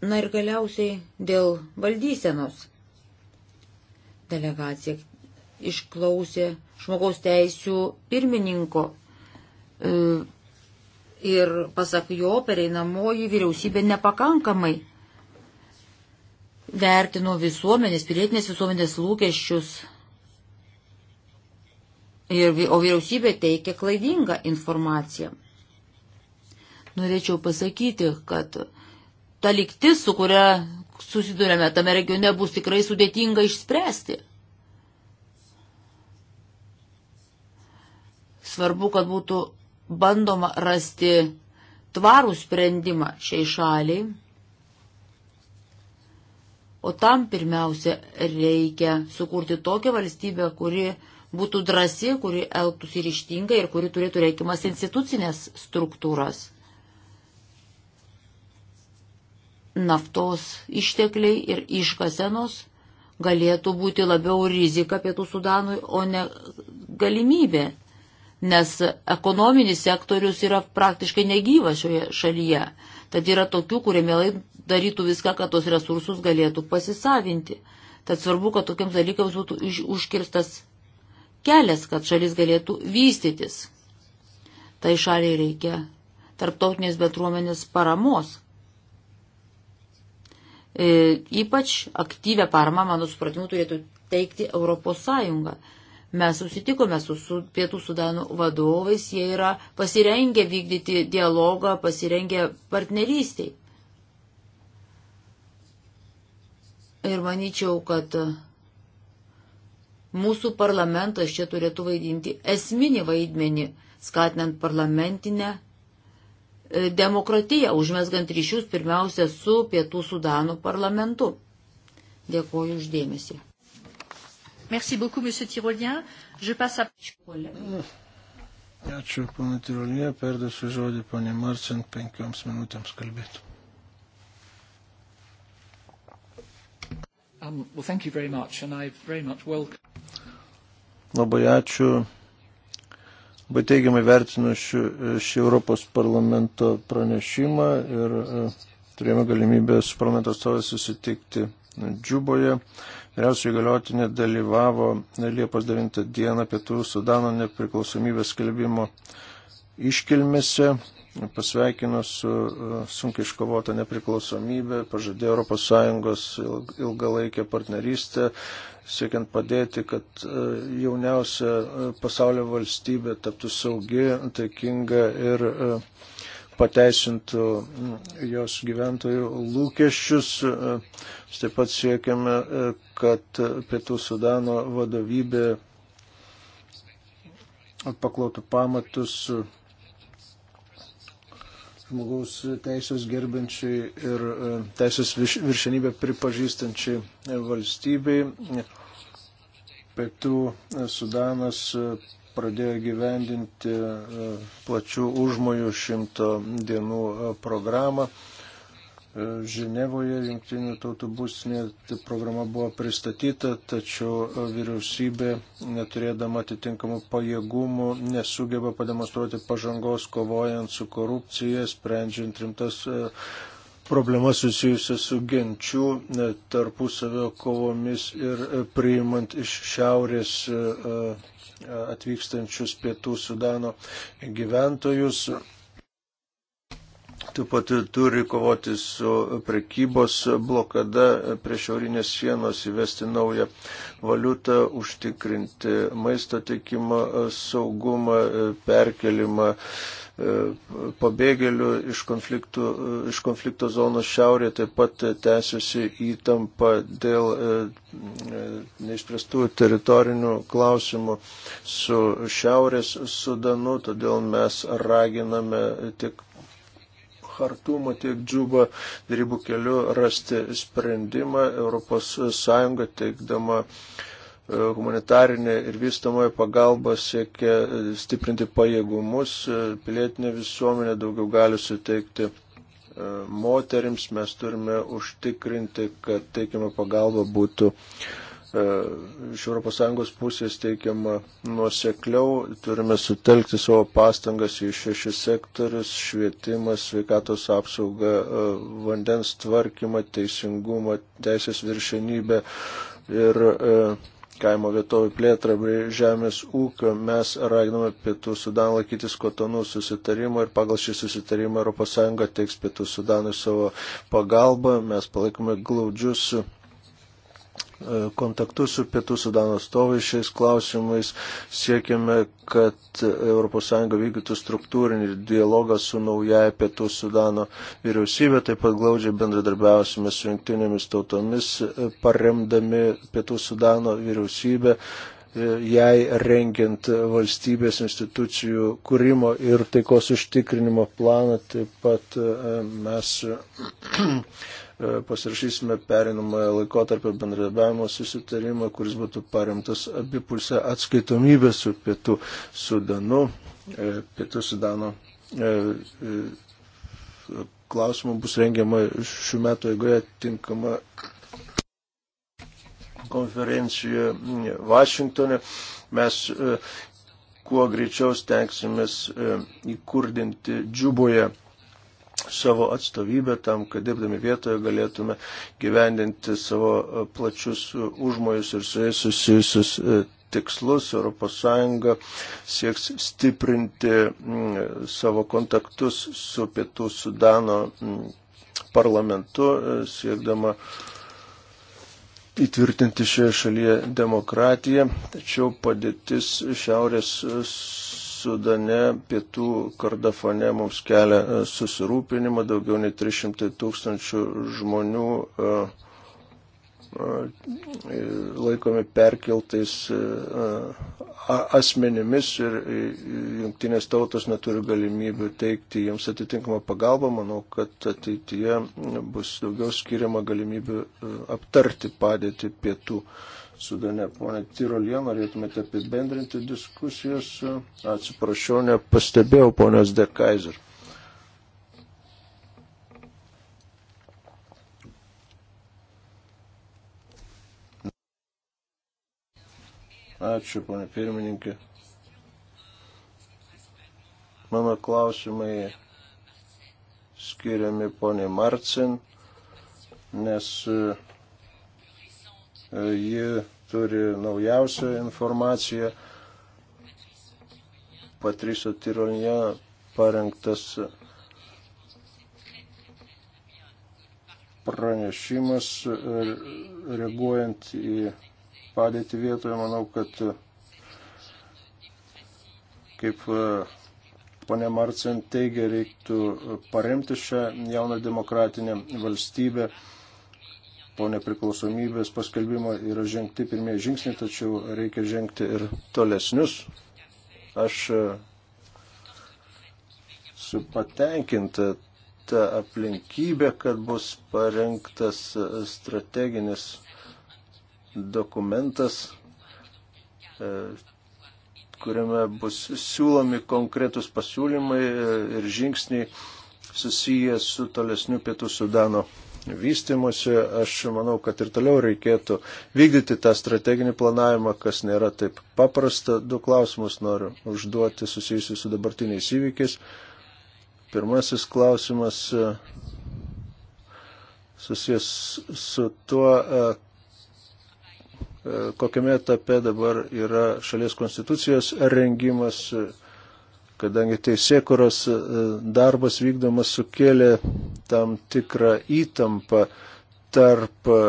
S2: Na ir galiausiai dėl valdysenos. Delegacija išklausė žmogaus teisų pirmininko e, ir pasak jo pereinamoji vyriausybė nepakankamai vertino visuomenės, pilietinės visuomenės lūkesčius ir, o vyriausybė teikia klaidingą informaciją. Norėčiau pasakyti, kad ta liktis, su kuria susidurėme tame regione, bus tikrai sudėtinga išspręsti. Svarbu, kad būtų bandoma rasti tvarų sprendimą šiai šaliai. O tam pirmiausia reikia sukurti tokią valstybę, kuri būtų drasi, kuri elgtųsi ryštingai ir kuri turėtų reikimas institucinės struktūras. Naftos ištekliai ir iškasenos galėtų būti labiau rizika pietų Sudanui, o ne galimybė, nes ekonominis sektorius yra praktiškai negyvas šioje šalyje. Tad yra tokių, kurie mielai darytų viską, kad tos resursus galėtų pasisavinti. Tad svarbu, kad tokiems dalykams būtų už, užkirstas kelias, kad šalis galėtų vystytis. Tai šaliai reikia tarptautinės bendruomenės paramos. E, ypač aktyvę paramą, mano supratimu, turėtų teikti Europos Sąjunga. Mes susitikome su, su Pietų Sudano vadovais, jie yra pasirengę vykdyti dialogą, pasirengę partnerystiai. Ir manyčiau, kad Mūsų parlamentas čia turėtų vaidinti esminį vaidmenį, skatinant parlamentinę e, demokratiją, užmesgant ryšius pirmiausia su Pietų Sudano parlamentu. Dėkuoju uždėmesi. Merci beaucoup, monsieur Tirolien. Je passe à...
S4: Ačiū, pana Tirolinė, perdėsiu žodį panė Marcin penkioms minutėms kalbėti.
S3: Um, well, thank you very much, and I very much welcome.
S4: Labai ačiū. Labai teigiamai vertinu šį, šį Europos parlamento pranešimą ir e, turėjome galimybę su parlamento atstovais susitikti Džuboje. Vyriausiai galiotinė dalyvavo Liepos 9 dieną pietų Sudano nepriklausomybės skelbimo iškilmėse pasveikino su e, sunkiai iškovota nepriklausomybė, pažadėjo ES ilgalaikę partnerystę, siekiant padėti, kad e, jauniausia e, pasaulio valstybė taptų saugi, taikinga ir e, pateisintų jos gyventojų lūkesčius. Mes taip pat siekiame, kad Pietų Sudano vadovybė paklotų pamatus žmogaus teisės gerbiančiai ir e, teisės viršenybę pripažįstančiai e, valstybei. Pietų e, Sudanas pradėjo gyvendinti plačių užmojų šimto dienų programą E, Ženevoje, jungtinių tautų būstinė, tai programa buvo pristatyta, tačiau e, vyriausybė, neturėdama atitinkamų pajėgumų, nesugeba pademonstruoti pažangos kovojant su korupcija, sprendžiant rimtas e, problemas susijusias su genčių tarpusavio kovomis ir priimant iš šiaurės atvykstančius pietų Sudano gyventojus taip pat turi kovoti su prekybos blokada prie šiaurinės sienos, įvesti naują valiutą, užtikrinti maisto tiekimą, saugumą, perkelimą e, pabėgėlių iš, e, iš konflikto zonos šiaurė taip pat tęsiasi įtampa dėl e, neišspręstų teritorinių klausimų su šiaurės sudanu, todėl mes raginame tiek Hartumo, tiek Džubo darybų keliu rasti sprendimą ES teikdama e, humanitarinė ir vystamoji pagalba siekia stiprinti pajėgumus, e, pilietinė visuomenė daugiau gali suteikti e, moterims, mes turime užtikrinti, kad teikiama pagalba būtų uh, E, iš ES pusės teikiama nuosekliau, turime sutelkti savo pastangas į šešis sektorius - švietimas, sveikatos apsauga, e, vandens tvarkymą, teisingumą, teisės viršenybę ir e, kaimo vietovių plėtrą bei žemės ūkio. Mes raginame Pietų Sudaną laikytis kotonų susitarimo ir pagal šį susitarimą ES teiks Pietų Sudanui savo pagalbą. Mes palaikome glaudžius su E, kontaktus su Pietų Sudano atstovais šiais klausimais. Siekiame, kad ES vykdytų struktūrinį dialogą su naujaja Pietų Sudano vyriausybė. Taip pat glaudžiai bendradarbiausime su jungtinėmis tautomis, e, paremdami Pietų Sudano vyriausybę e, jai rengiant valstybės institucijų kūrimo ir taikos užtikrinimo planą. Taip pat mes E, pasirašysime perinamojo laikotarpio bendradarbiavimo susitarimą, kuris būtų paremtas abipusę atskaitomybę su Pietų Sudanu. E, Pietų Sudano e, klausimų bus rengiama šių metų eigoje tinkama konferencijoje Vašingtone. Mes kuo greičiau stengsimės įkurdinti džiuboje savo atstovybę tam, kad dirbdami vietoje galėtume gyvendinti savo e, plačius e, užmojus ir su jais susijusius e, tikslus. ES sieks stiprinti savo kontaktus su Pietų Sudano parlamentu, siekdama įtvirtinti šioje šalyje demokratiją, tačiau padėtis Šiaurės Sudane, pietų Kardafone mums kelia e, susirūpinimą, daugiau nei 300 tūkstančių žmonių e, e, laikomi perkeltais asmenimis ir jungtinės tautos neturi galimybių teikti jiems atitinkamą pagalbą. Manau, kad ateityje bus daugiau skiriama galimybių aptarti padėti pietų. Uh, Sudane. Pone Tyrolie, norėtumėte apibendrinti diskusijas? Atsiprašau, nepastebėjau ponios De Kaiser. Ačiū, ponė pirmininkė. Mano klausimai skiriami ponė Marcin, nes ji turi naujausią informaciją. Patriso Tironija parengtas pranešimas reaguojant į padėtį vietoje, manau, kad kaip e, ponė Marcin teigia, reiktų paremti šią jauną demokratinę valstybę po nepriklausomybės paskelbimo yra žengti pirmieji žingsniai, tačiau reikia žengti ir tolesnius. Aš e, su patenkinta ta aplinkybė, kad bus parengtas e, strateginis dokumentas, e, kuriame bus siūlomi konkretus pasiūlymai ir žingsniai susiję su tolesniu pietų sudano vystimosi, aš manau, kad ir toliau reikėtų vykdyti tą strateginį planavimą, kas nėra taip paprasta. Du klausimus noriu užduoti susijusius su dabartiniais įvykiais. Pirmasis klausimas e, susijęs su tuo, e, e, kokiame etape dabar yra šalies konstitucijos rengimas kadangi teisėkuros e, darbas vykdomas sukėlė tam tikrą įtampą tarp e,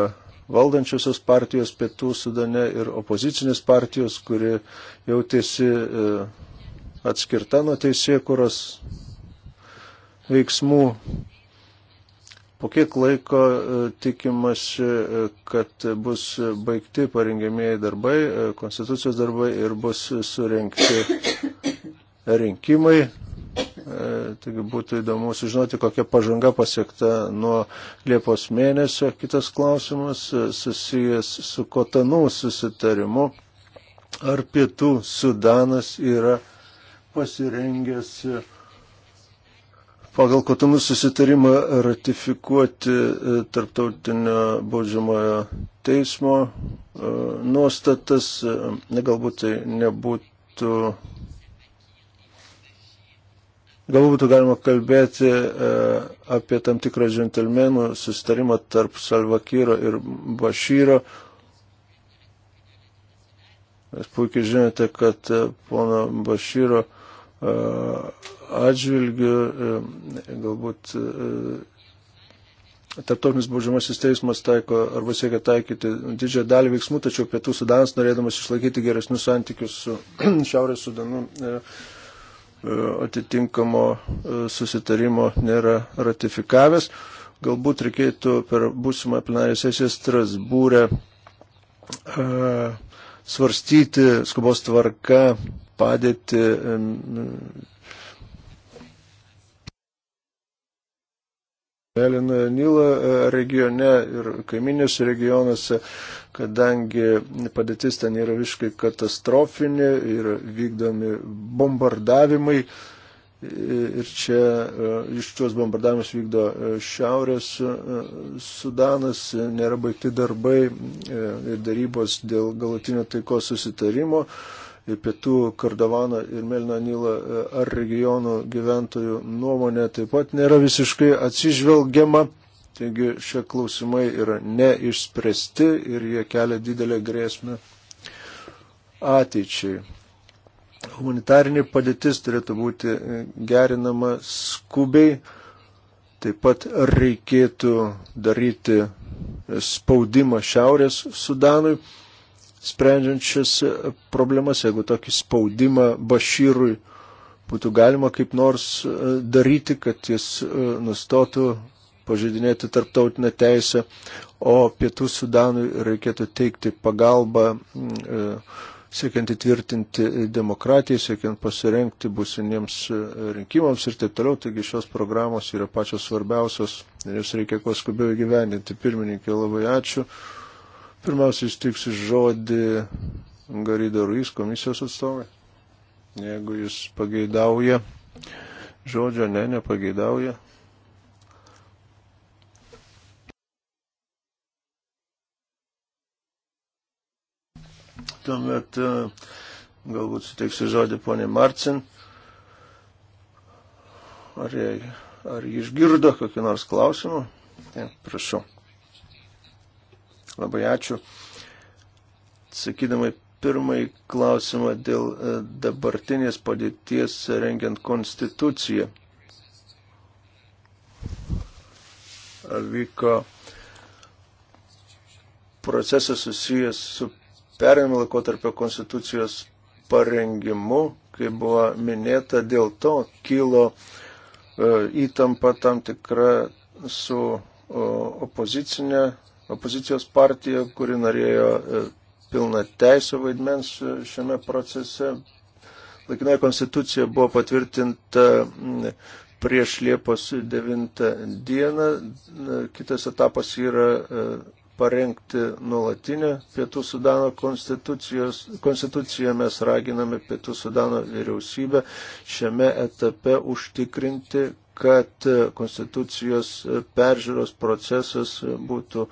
S4: valdančiosios partijos pietų sudane ir opozicinės partijos, kuri jautėsi e, atskirta nuo teisėkuros veiksmų. Po kiek laiko tikimasi, kad bus baigti parengiamieji darbai, konstitucijos darbai ir bus surenkti rinkimai. E, taigi būtų įdomu sužinoti, kokia pažanga pasiekta nuo Liepos mėnesio. Kitas klausimas e, susijęs su Kotanų susitarimu. Ar pietų Sudanas yra pasirengęs e, pagal kotonų susitarimą ratifikuoti tarptautinio baudžiamojo teismo nuostatas, galbūt tai nebūtų Galbūt būtų galima kalbėti e, apie tam tikrą džentelmenų sustarimą tarp Salvakyro ir Bašyro. Jūs puikiai žinote, kad e, pono Bašyro e, atžvilgių galbūt Tarptautinis baudžiamasis teismas taiko arba siekia taikyti didžiąją dalį veiksmų, tačiau Pietų Sudanas, norėdamas išlaikyti geresnius santykius su Šiaurės Sudanu, e, E, atitinkamo e, susitarimo nėra ratifikavęs. Galbūt reikėtų per būsimą plenarį sesiją Strasbūrę e, svarstyti skubos tvarka padėti Mėlynojo Nilo e, regione ir kaiminėse regionuose, kadangi padėtis ten yra visiškai katastrofinė ir vykdomi bombardavimai. Ir čia e, iš tuos bombardavimus vykdo e, Šiaurės Sudanas, nėra baigti darbai ir darybos dėl galutinio taikos susitarimo pietų Kardavano ir Melno Nilo e, ar regionų gyventojų nuomonė taip pat nėra visiškai atsižvelgiama. Taigi šie klausimai yra neišspręsti ir jie kelia didelę grėsmę ateičiai. Humanitarinė padėtis turėtų būti e, gerinama skubiai. Taip pat reikėtų daryti spaudimą Šiaurės Sudanui sprendžiančias problemas, jeigu tokį spaudimą Bašyrui būtų galima kaip nors e, daryti, kad jis e, nustotų pažeidinėti tarptautinę teisę, o pietų Sudanui reikėtų teikti pagalbą e, siekiant įtvirtinti demokratiją, siekiant pasirenkti būsiniems rinkimams ir taip toliau. Taigi šios programos yra pačios svarbiausios ir jas reikia kuo skubiau įgyvendinti. Pirmininkė, labai ačiū. Pirmiausia, įstiksiu žodį Garido Ruiz komisijos atstovai. Jeigu jis pageidauja žodžio, ne, nepageidauja. Tuomet e, galbūt suteiksiu žodį ponė Marcin. Ar, jie, ar jie išgirdo kokį nors klausimą? Ne, prašau. Labai ačiū. Sakydamai pirmąjį klausimą dėl e, dabartinės padėties rengiant konstituciją. Ar vyko procesas susijęs su perėmimo laikotarpio konstitucijos parengimu, kaip buvo minėta, dėl to kilo e, įtampa tam tikra su o, opozicinė opozicijos partija, kuri norėjo e, pilna teisų vaidmens e, šiame procese. Laikinoje konstitucija buvo patvirtinta prieš Liepos 9 dieną. E, kitas etapas yra parengti nuolatinę Pietų Sudano konstituciją. Mes raginame Pietų Sudano vyriausybę šiame etape užtikrinti, kad konstitucijos peržiūros procesas būtų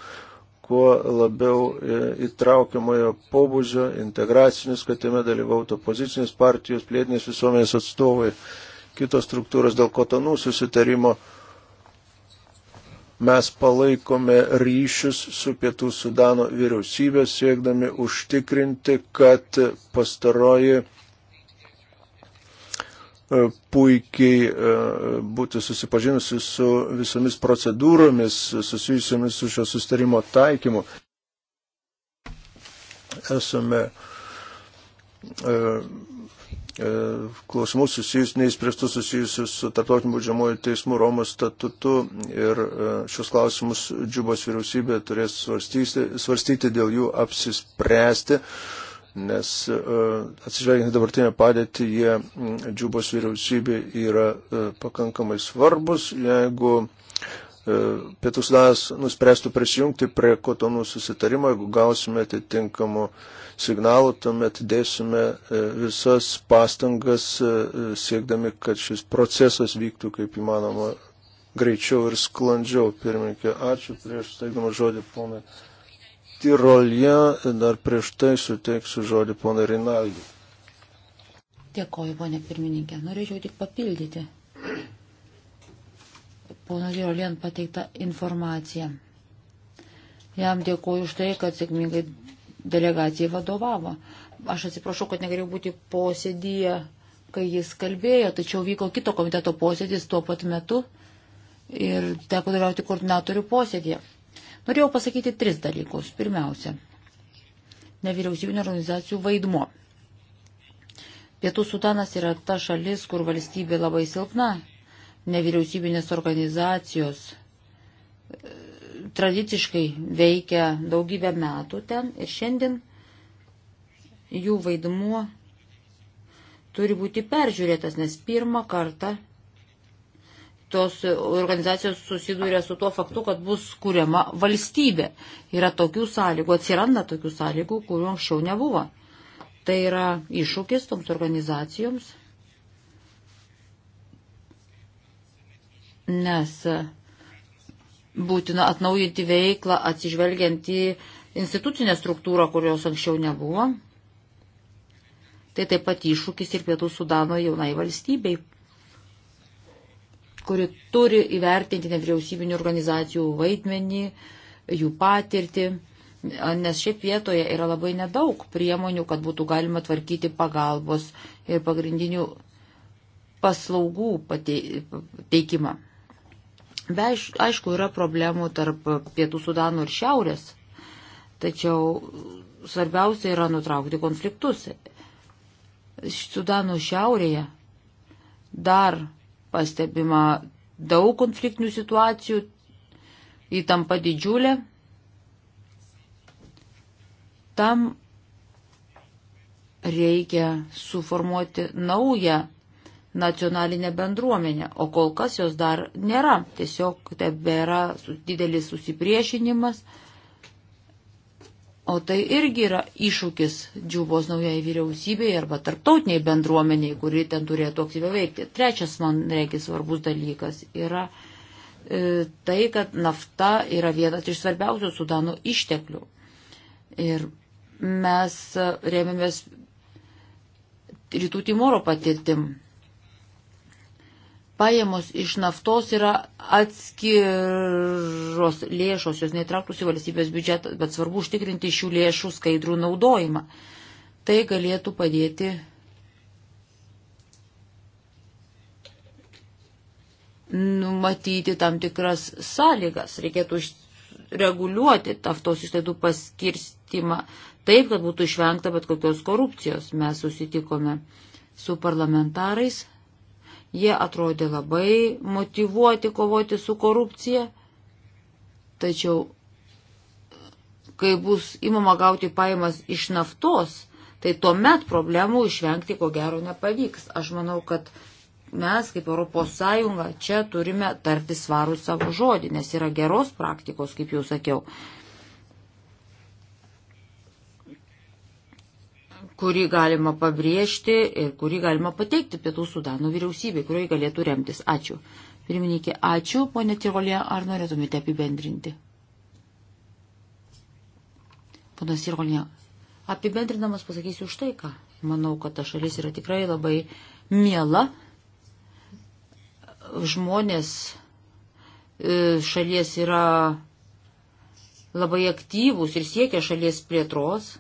S4: kuo labiau e, įtraukiamojo pobūdžio, integracinis, kad jame dalyvautų opozicinės partijos, plėtinės visuomenės atstovai, kitos struktūros dėl kotonų susitarimo. Mes palaikome ryšius su Pietų Sudano vyriausybė, siekdami užtikrinti, kad pastaroji E, puikiai e, būti susipažinusi su visomis procedūromis susijusiamis su šio sustarimo taikymu. Esame e, klausimus susijus, neįspręstus susijusius su tarptautiniu būdžiamuoju teismu Romos statutu ir šios klausimus Džubos vyriausybė turės svarstyti, svarstyti dėl jų apsispręsti. Uh, nes e, atsižvelgiant į dabartinę padėtį, jie džiubos vyriausybė yra e, pakankamai svarbus. Jeigu e, Pietų Sudanas nuspręstų prisijungti prie kotonų susitarimo, jeigu gausime atitinkamų signalų, tuomet dėsime visas pastangas siekdami, kad šis procesas vyktų kaip įmanoma greičiau ir sklandžiau. Pirmininkė, ačiū prieš teikdama žodį ponai. Tirolje. Dar prieš tai suteiksiu žodį ponai Rinaldi.
S2: Dėkoju, ponė pirmininkė. Norėčiau tik papildyti pono Tirolien pateiktą informaciją. Jam dėkoju už tai, kad sėkmingai delegacijai vadovavo. Aš atsiprašau, kad negalėjau būti posėdyje, kai jis kalbėjo, tačiau vyko kito komiteto posėdis tuo pat metu ir teko dalyvauti koordinatorių posėdėje. Norėjau pasakyti tris dalykus. Pirmiausia, nevyriausybinio organizacijų vaidmo. Pietų Sudanas yra ta šalis, kur valstybė labai silpna, nevyriausybinės organizacijos e, tradiciškai veikia daugybę metų ten ir šiandien jų vaidmuo turi būti peržiūrėtas, nes pirmą kartą tos organizacijos susiduria su tuo faktu, kad bus kuriama valstybė. Yra tokių sąlygų, atsiranda tokių sąlygų, kurių anksčiau nebuvo. Tai yra iššūkis toms organizacijoms, nes būtina atnaujinti veiklą atsižvelgiant į institucinę struktūrą, kurios anksčiau nebuvo. Tai taip pat iššūkis ir Pietų Sudano jaunai valstybei kuri turi įvertinti nevyriausybinių organizacijų vaidmenį, jų patirtį, nes šiaip vietoje yra labai nedaug priemonių, kad būtų galima tvarkyti pagalbos ir pagrindinių paslaugų teikimą. Be aišku, yra problemų tarp pietų Sudano ir šiaurės, tačiau svarbiausia yra nutraukti konfliktus. Sudano šiaurėje dar pastebima daug konfliktinių situacijų, įtampa didžiulė. Tam reikia suformuoti naują nacionalinę bendruomenę, o kol kas jos dar nėra. Tiesiog tebėra didelis susipriešinimas. Tai O tai irgi yra iššūkis džiubos naujai vyriausybei arba tarptautiniai bendruomeniai, kuri ten turėtų aktyviai veikti. Trečias, man reikia, svarbus dalykas yra e, tai, kad nafta yra vienas iš svarbiausių Sudano išteklių. Ir mes e, remiamės rytų Timoro patirtim. Pajamos iš naftos yra atskiros lėšos, jos neįtrauktus į valstybės biudžetą, bet svarbu užtikrinti šių lėšų skaidrų naudojimą. Tai galėtų padėti numatyti tam tikras sąlygas. Reikėtų reguliuoti taftos išlaidų paskirstimą taip, kad būtų išvengta bet kokios korupcijos. Mes susitikome su parlamentarais Jie atrodė labai motivuoti kovoti su korupcija, tačiau kai bus įmama gauti pajamas iš naftos, tai tuomet problemų išvengti ko gero nepavyks. Aš manau, kad mes kaip ES čia turime tarti svarų savo žodį, nes yra geros praktikos, kaip jau sakiau. kurį galima pabrėžti ir kurį galima pateikti Pietų Sudano vyriausybei, kurioje galėtų remtis. Ačiū. Pirmininkė, ačiū. Pone Tirolė, ar norėtumėte apibendrinti? Ponas Tirolė, apibendrinamas pasakysiu už tai, ką. Manau, kad ta šalis yra tikrai labai miela. Žmonės e, šalies yra labai aktyvūs ir siekia šalies plėtros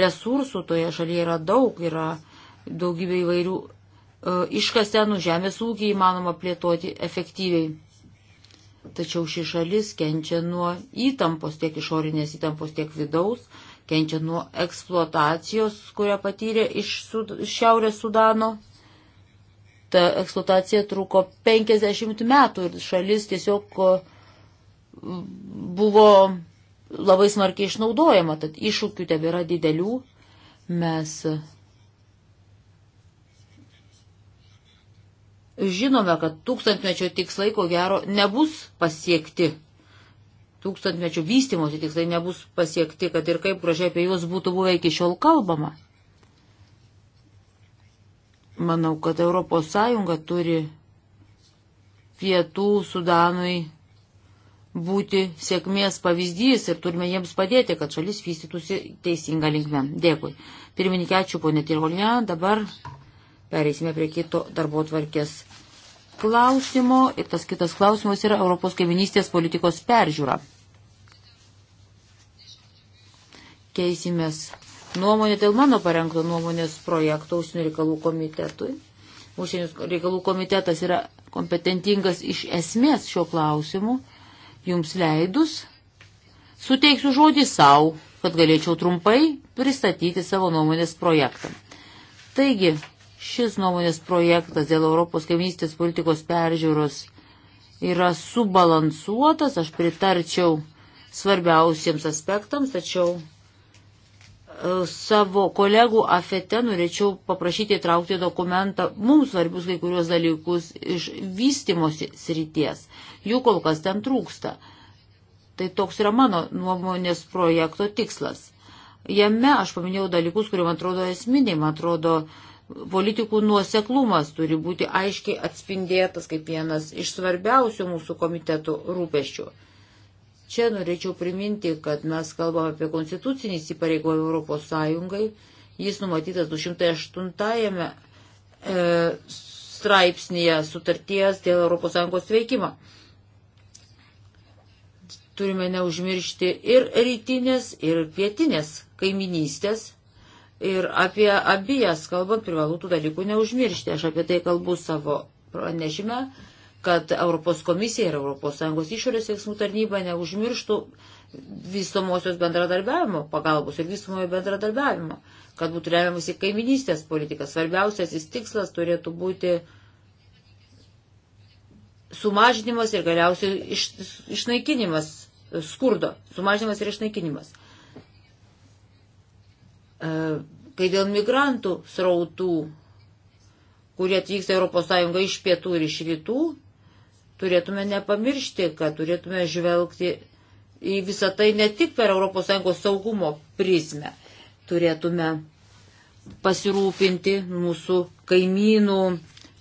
S2: resursų toje šalyje yra daug, yra daugybė įvairių e, iškasenų, nu, žemės ūkį įmanoma plėtoti efektyviai. Tačiau ši šalis kenčia nuo įtampos, tiek išorinės įtampos, tiek vidaus, kenčia nuo eksploatacijos, kurią patyrė iš sud Šiaurės Sudano. Ta eksploatacija truko 50 metų ir šalis tiesiog e, buvo labai smarkiai išnaudojama, tad iššūkių tebėra didelių. Mes žinome, kad tūkstantmečio tikslai ko gero nebus pasiekti. Tūkstantmečio vystimosi tikslai nebus pasiekti, kad ir kaip gražiai apie juos būtų buvę iki šiol kalbama. Manau, kad ES turi pietų Sudanui būti sėkmės pavyzdys ir turime jiems padėti, kad šalis vystytųsi teisinga linkme. Dėkui. Pirmininkė, ačiū ponė Tirolė. Dabar pereisime prie kito darbo tvarkės klausimo. Ir tas kitas klausimas yra Europos kaiminystės politikos peržiūra. Keisimės nuomonė dėl mano parengto nuomonės projekto užsienio reikalų komitetui. Užsienio reikalų komitetas yra kompetentingas iš esmės šiuo klausimu. Jums leidus suteiksiu žodį savo, kad galėčiau trumpai pristatyti savo nuomonės projektą. Taigi, šis nuomonės projektas dėl Europos kaimynystės politikos peržiūros yra subalansuotas, aš pritarčiau svarbiausiems aspektams, tačiau e, savo kolegų afete norėčiau paprašyti įtraukti dokumentą mums svarbius kai kurios dalykus iš vystimosi srities. Jų kol kas ten trūksta. Tai toks yra mano nuomonės projekto tikslas. Jame aš paminėjau dalykus, kurie man atrodo esminiai, man atrodo, politikų nuoseklumas turi būti aiškiai atspindėtas kaip vienas iš svarbiausių mūsų komitetų rūpeščių. Čia norėčiau priminti, kad mes kalbame apie konstitucinį įsipareigojimą Europos Sąjungai. Jis numatytas 208 e, straipsnėje sutarties dėl Europos Sąjungos veikimo turime neužmiršti ir rytinės, ir pietinės kaiminystės. Ir apie abijas kalbant, privalu tų dalykų neužmiršti. Aš apie tai kalbu savo pranešime, kad Europos komisija ir ES išorės veiksmų tarnyba neužmirštų vystomosios bendradarbiavimo pagalbos ir vystomojo bendradarbiavimo, kad būtų remiamas į kaiminystės politiką. Svarbiausiasis tikslas turėtų būti sumažinimas ir galiausiai iš, išnaikinimas skurdo, sumažinimas ir išnaikinimas. E, kai dėl migrantų srautų, kurie atvyksta ES iš pietų ir iš rytų, turėtume nepamiršti, kad turėtume žvelgti į visą tai ne tik per ES saugumo prizmę. Turėtume pasirūpinti mūsų kaimynų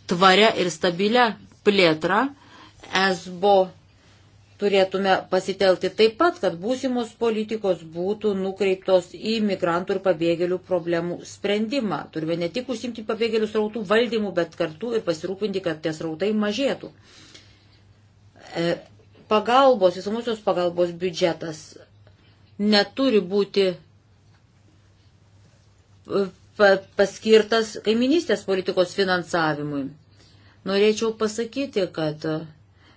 S2: tvaria ir stabilia plėtra. Esbo turėtume pasitelti taip pat, kad būsimos politikos būtų nukreiptos į migrantų ir pabėgėlių problemų sprendimą. Turime ne tik užsimti pabėgėlių srautų valdymų, bet kartu ir pasirūpinti, kad tie srautai mažėtų. E, pagalbos, visamusios pagalbos biudžetas neturi būti e, paskirtas kaiminystės politikos finansavimui. Norėčiau pasakyti, kad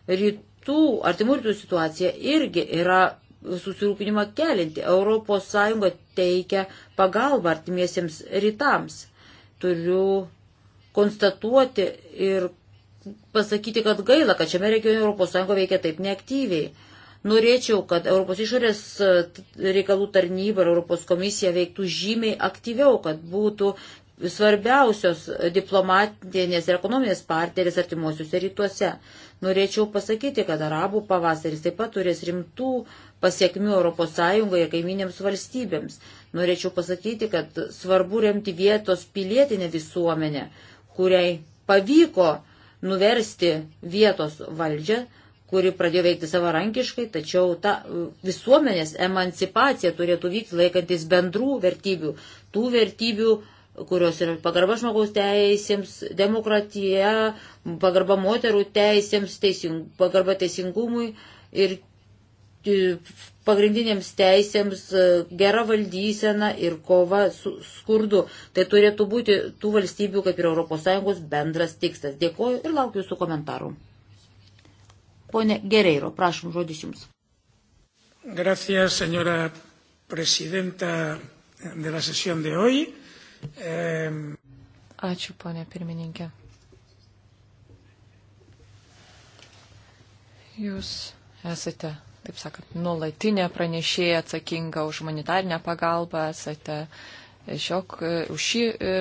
S2: ryt rytų, artimų rytų situacija irgi yra susirūpinimą kelinti. Europos Sąjunga teikia pagalbą artimiesiems rytams. Turiu konstatuoti ir pasakyti, kad gaila, kad šiame regione Europos Sąjunga veikia taip neaktyviai. Norėčiau, kad Europos išorės reikalų tarnyba ir Europos komisija veiktų žymiai aktyviau, kad būtų svarbiausios diplomatinės ir ekonominės partneris artimuosiuose rytuose. Norėčiau pasakyti, kad arabų pavasaris taip pat turės rimtų pasiekmių ES ir kaiminėms valstybėms. Norėčiau pasakyti, kad svarbu remti vietos pilietinę visuomenę, kuriai pavyko nuversti vietos valdžią, kuri pradėjo veikti savarankiškai, tačiau ta visuomenės emancipacija turėtų vykti laikantis bendrų vertybių, tų vertybių, kurios yra pagarba žmogaus teisėms, demokratija, pagarba moterų teisėms, teising, pagarba teisingumui ir e, pagrindinėms teisėms e, gera valdysena ir kova su skurdu. Tai turėtų būti tų valstybių, kaip ir ES, bendras tikslas. Dėkoju ir laukiu jūsų komentarų. Pone Gereiro, prašom žodis jums.
S3: Gracias, señora presidenta de la sesión de hoy. Ačiū, ponė pirmininkė. Jūs esate, taip sakant, nuolatinė pranešėja atsakinga už humanitarinę pagalbą, esate šiok, už šį e,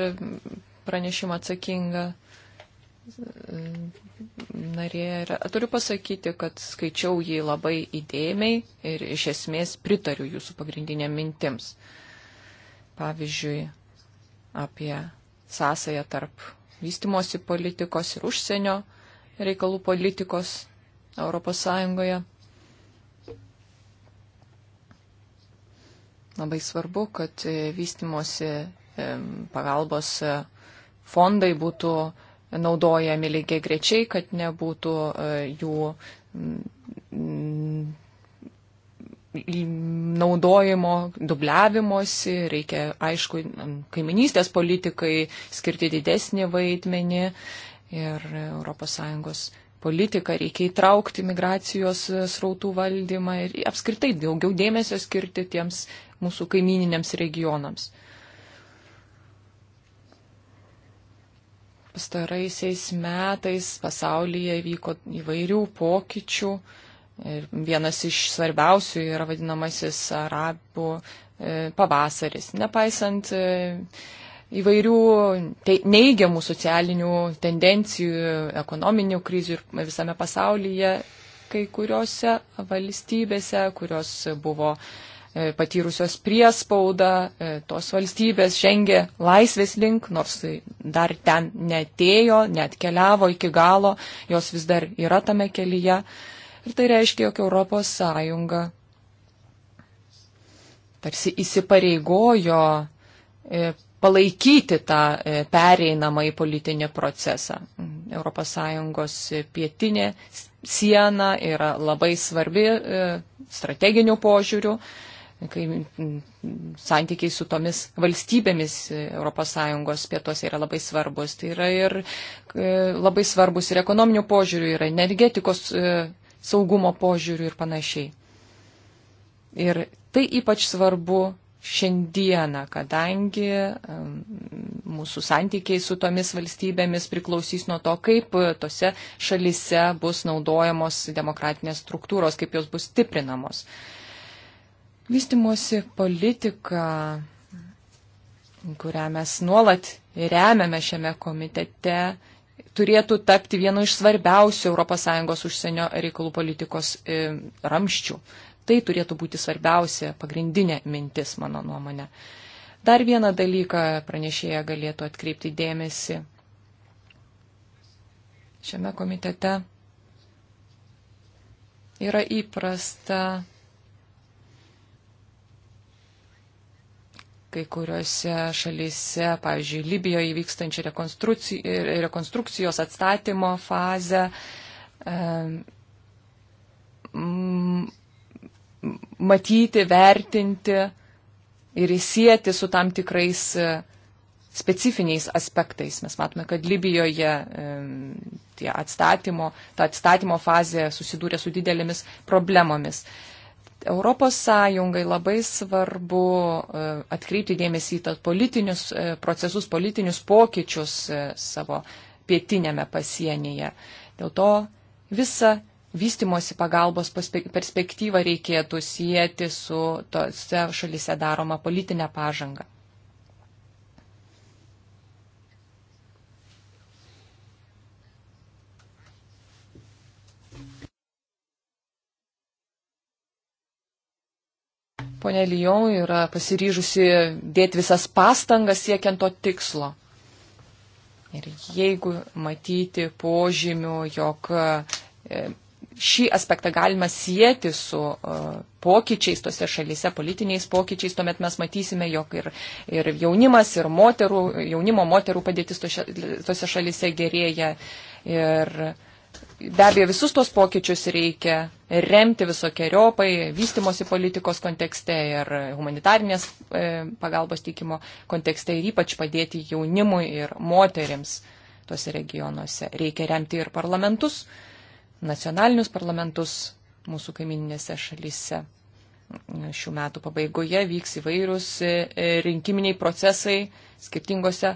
S3: pranešimą atsakinga e, narė. Ir turiu pasakyti, kad skaičiau jį labai įdėmiai ir iš esmės pritariu jūsų pagrindinėm mintims. Pavyzdžiui, apie sąsąją tarp vystimosi politikos ir užsienio reikalų politikos Europos Sąjungoje. Labai svarbu, kad e, vystimosi e, pagalbos e, fondai būtų naudojami lygiai grečiai, kad nebūtų jų naudojimo, dubliavimosi, reikia, aišku, kaiminystės politikai skirti didesnį vaidmenį ir ES politiką reikia įtraukti migracijos srautų valdymą ir apskritai daugiau dėmesio skirti tiems mūsų kaimininiams regionams. Pastaraisiais metais pasaulyje vyko įvairių pokyčių Ir vienas iš svarbiausių yra vadinamasis arabų e, pavasaris. Nepaisant e, įvairių neigiamų socialinių tendencijų, ekonominių krizių ir visame pasaulyje, kai kuriuose valstybėse, kurios buvo e, patyrusios priespaudą, tos valstybės žengė laisvės link, nors dar ten netėjo, net keliavo iki galo, jos vis dar yra tame kelyje. Ir tai reiškia, jog Europos Sąjunga tarsi įsipareigojo e, palaikyti tą e, pereinamą į politinį procesą. ES pietinė siena yra labai svarbi e, strateginių požiūrių, kai santykiai su tomis valstybėmis ES pietuose yra labai svarbus. Tai yra ir labai svarbus ir ekonominių požiūrių, yra energetikos saugumo požiūrių ir panašiai. Ir tai ypač svarbu šiandieną, kadangi mūsų santykiai su tomis valstybėmis priklausys nuo to, kaip tose šalise bus naudojamos demokratinės struktūros, kaip jos bus stiprinamos. Vystimosi politika, kurią mes nuolat remiame šiame komitete, turėtų tapti vienu iš svarbiausių ES užsienio reikalų politikos e, ramščių. Tai turėtų būti svarbiausia, pagrindinė mintis, mano nuomonė. Dar vieną dalyką pranešėja galėtų atkreipti dėmesį šiame komitete. Yra įprasta kai kuriuose šalyse, pavyzdžiui, Libijoje vykstančią rekonstrukcijos atstatymo fazę. Matyti, vertinti ir įsieti su tam tikrais e, specifiniais aspektais. Mes matome, kad Libijoje tie atstatymo, ta atstatymo fazė susidūrė su didelėmis problemomis. Europos Sąjungai labai svarbu e, atkreipti dėmesį į tos politinius e, procesus, politinius pokyčius e, savo pietinėme pasienyje. Dėl to visą vystimosi pagalbos perspektyvą reikėtų sieti su tose šalise daroma politinė pažanga. Pone Lijau yra pasiryžusi dėti visas pastangas siekiant to tikslo. Ir jeigu matyti požymių, jog e, šį aspektą galima sieti su e, pokyčiais tose šalyse, politiniais pokyčiais, tuomet mes matysime, jog ir, ir jaunimas, ir moterų, jaunimo moterų padėtis tose, tose šalyse gerėja. Ir Be abejo, visus tos pokyčius reikia remti visokiojopai vystimosi politikos kontekste ir humanitarinės e, pagalbos teikimo kontekste ir ypač padėti jaunimui ir moteriams tuose regionuose. Reikia remti ir parlamentus, nacionalinius parlamentus mūsų kaimininėse šalyse. Šių metų pabaigoje vyks įvairūs e, rinkiminiai procesai skirtingose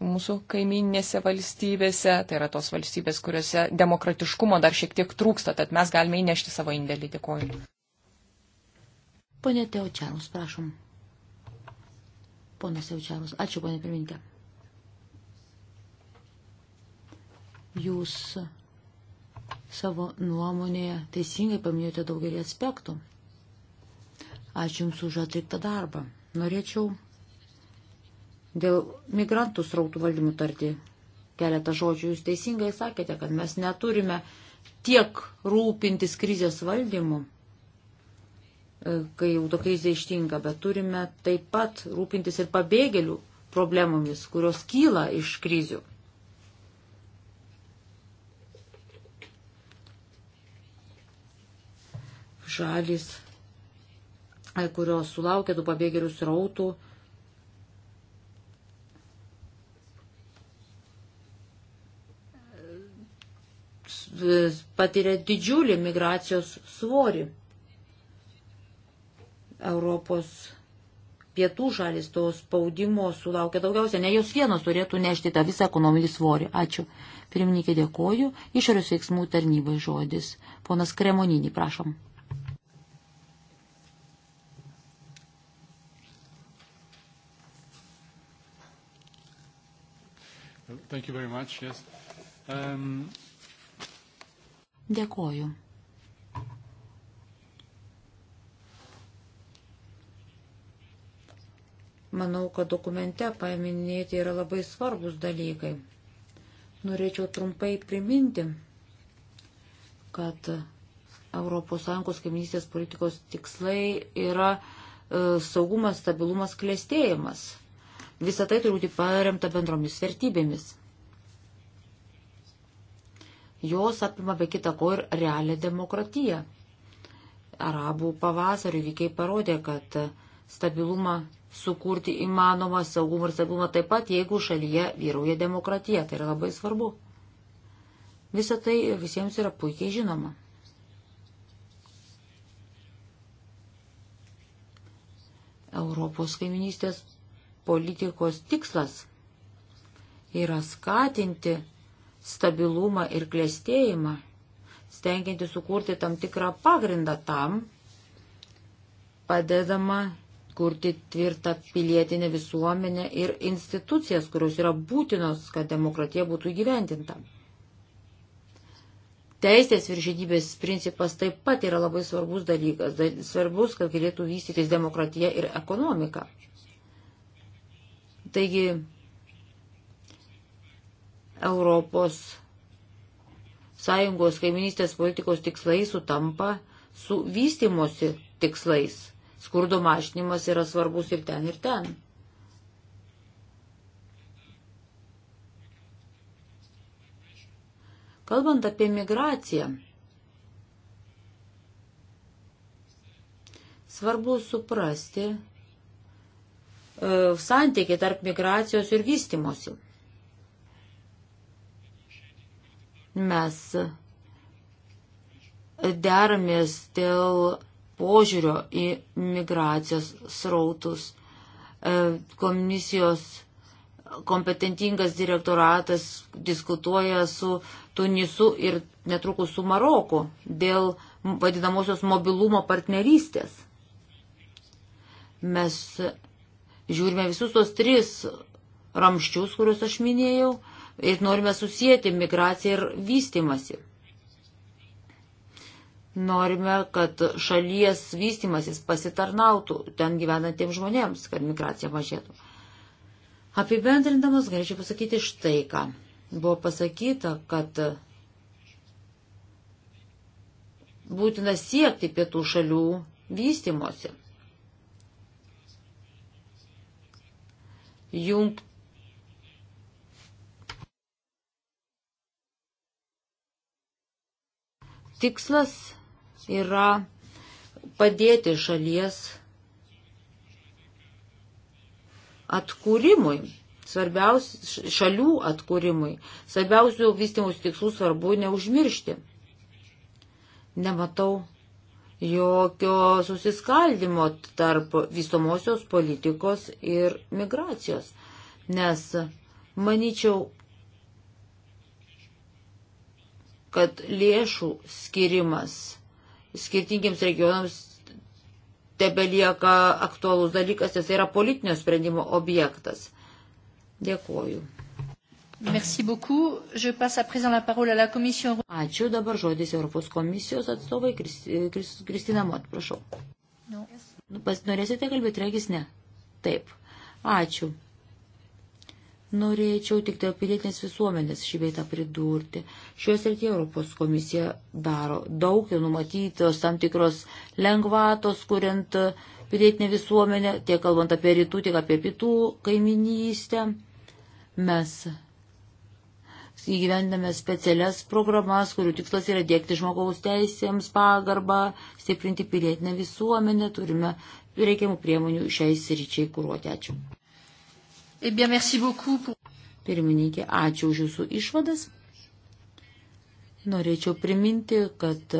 S3: mūsų kaiminėse valstybėse, tai yra tos valstybės, kuriuose demokratiškumo dar šiek tiek trūksta, tad mes galime įnešti savo indėlį. Dėkoju.
S2: Pone Teučiarus, prašom. Ponas Teučiarus, ačiū, ponė pirmininkė. Jūs savo nuomonėje teisingai paminėjote daugelį aspektų. Ačiū Jums už atliktą darbą. Norėčiau Dėl migrantų srautų valdymų tarti keletą žodžių. Jūs teisingai sakėte, kad mes neturime tiek rūpintis krizės valdymu, e, kai jau ta krizė ištinka, bet turime taip pat rūpintis ir pabėgėlių problemomis, kurios kyla iš krizių. Šalis, e, kurios sulaukia tų pabėgėlių srautų, patiria didžiulį migracijos svorį. Europos pietų šalis to spaudimo sulaukia daugiausia, ne jos vienos turėtų nešti tą visą ekonominį svorį. Ačiū. Pirmininkė dėkoju. Išorės veiksmų tarnybai žodis. Ponas Kremoninį, prašom.
S3: Thank you very much. Yes. Um,
S2: Dėkoju. Manau, kad dokumente paminėti yra labai svarbus dalykai. Norėčiau trumpai priminti, kad ES kaiminystės politikos tikslai yra e, saugumas, stabilumas, klėstėjimas. Visą tai turi būti paremta bendromis vertybėmis. Jos apima be kita ko ir realią demokratiją. Arabų pavasario įvykiai parodė, kad stabilumą sukurti įmanoma, saugumą ir stabilumą taip pat, jeigu šalyje vyrauja demokratija. Tai yra labai svarbu. Visą tai visiems yra puikiai žinoma. Europos kaiminystės politikos tikslas yra skatinti stabilumą ir klėstėjimą, stengianti sukurti tam tikrą pagrindą tam, padedama kurti tvirtą pilietinę visuomenę ir institucijas, kurios yra būtinos, kad demokratija būtų gyventinta. Teisės viršydybės principas taip pat yra labai svarbus dalykas, svarbus, kad galėtų vystytis demokratija ir ekonomika. Taigi Europos Sąjungos kaiminystės politikos tikslai sutampa su vystimosi tikslais. Skurdo mažinimas yra svarbus ir ten, ir ten. Kalbant apie migraciją, svarbu suprasti e, santykį tarp migracijos ir vystimosi. Mes deramės dėl požiūrio į migracijos srautus. E, komisijos kompetentingas direktoratas diskutuoja su Tunisu ir netrukus su Maroku dėl vadinamosios mobilumo partnerystės. Mes žiūrime visus tos tris ramščius, kuriuos aš minėjau ir norime susijęti migraciją ir vystimasi. Norime, kad šalies vystimasis pasitarnautų ten gyvenantiems žmonėms, kad migracija mažėtų. Apibendrindamas galėčiau pasakyti štai ką. Buvo pasakyta, kad būtina siekti pietų šalių vystimosi. Jungt tikslas yra padėti šalies atkūrimui, svarbiausių šalių atkūrimui, svarbiausių vystimus tikslų svarbu neužmiršti. Nematau jokio susiskaldimo tarp vystomosios politikos ir migracijos, nes, manyčiau, kad lėšų skirimas skirtingiems regionams tebelieka aktualus dalykas, nes tai yra politinio sprendimo objektas. Dėkuoju. Merci beaucoup. Je passe à présent la parole à la Commission. Ačiū dabar žodis Europos komisijos atstovai Kristina Mot, prašau. No. Nu, pas, norėsite kalbėti, regis ne? Taip. Ačiū. Norėčiau tik dėl pilietinės visuomenės šį beitą pridurti. Šios rytie Europos komisija daro daug ir numatytos tam tikros lengvatos, kuriant pilietinę visuomenę, tiek kalbant apie rytų, tiek apie pietų kaiminystę. Mes įgyvendame specialias programas, kurių tikslas yra dėkti žmogaus teisėms pagarbą, stiprinti pilietinę visuomenę, turime reikiamų priemonių šiai sričiai kūruoti. Ačiū. Eh bien, merci beaucoup pour... Pirmininkė, ačiū už jūsų išvadas. Norėčiau priminti, kad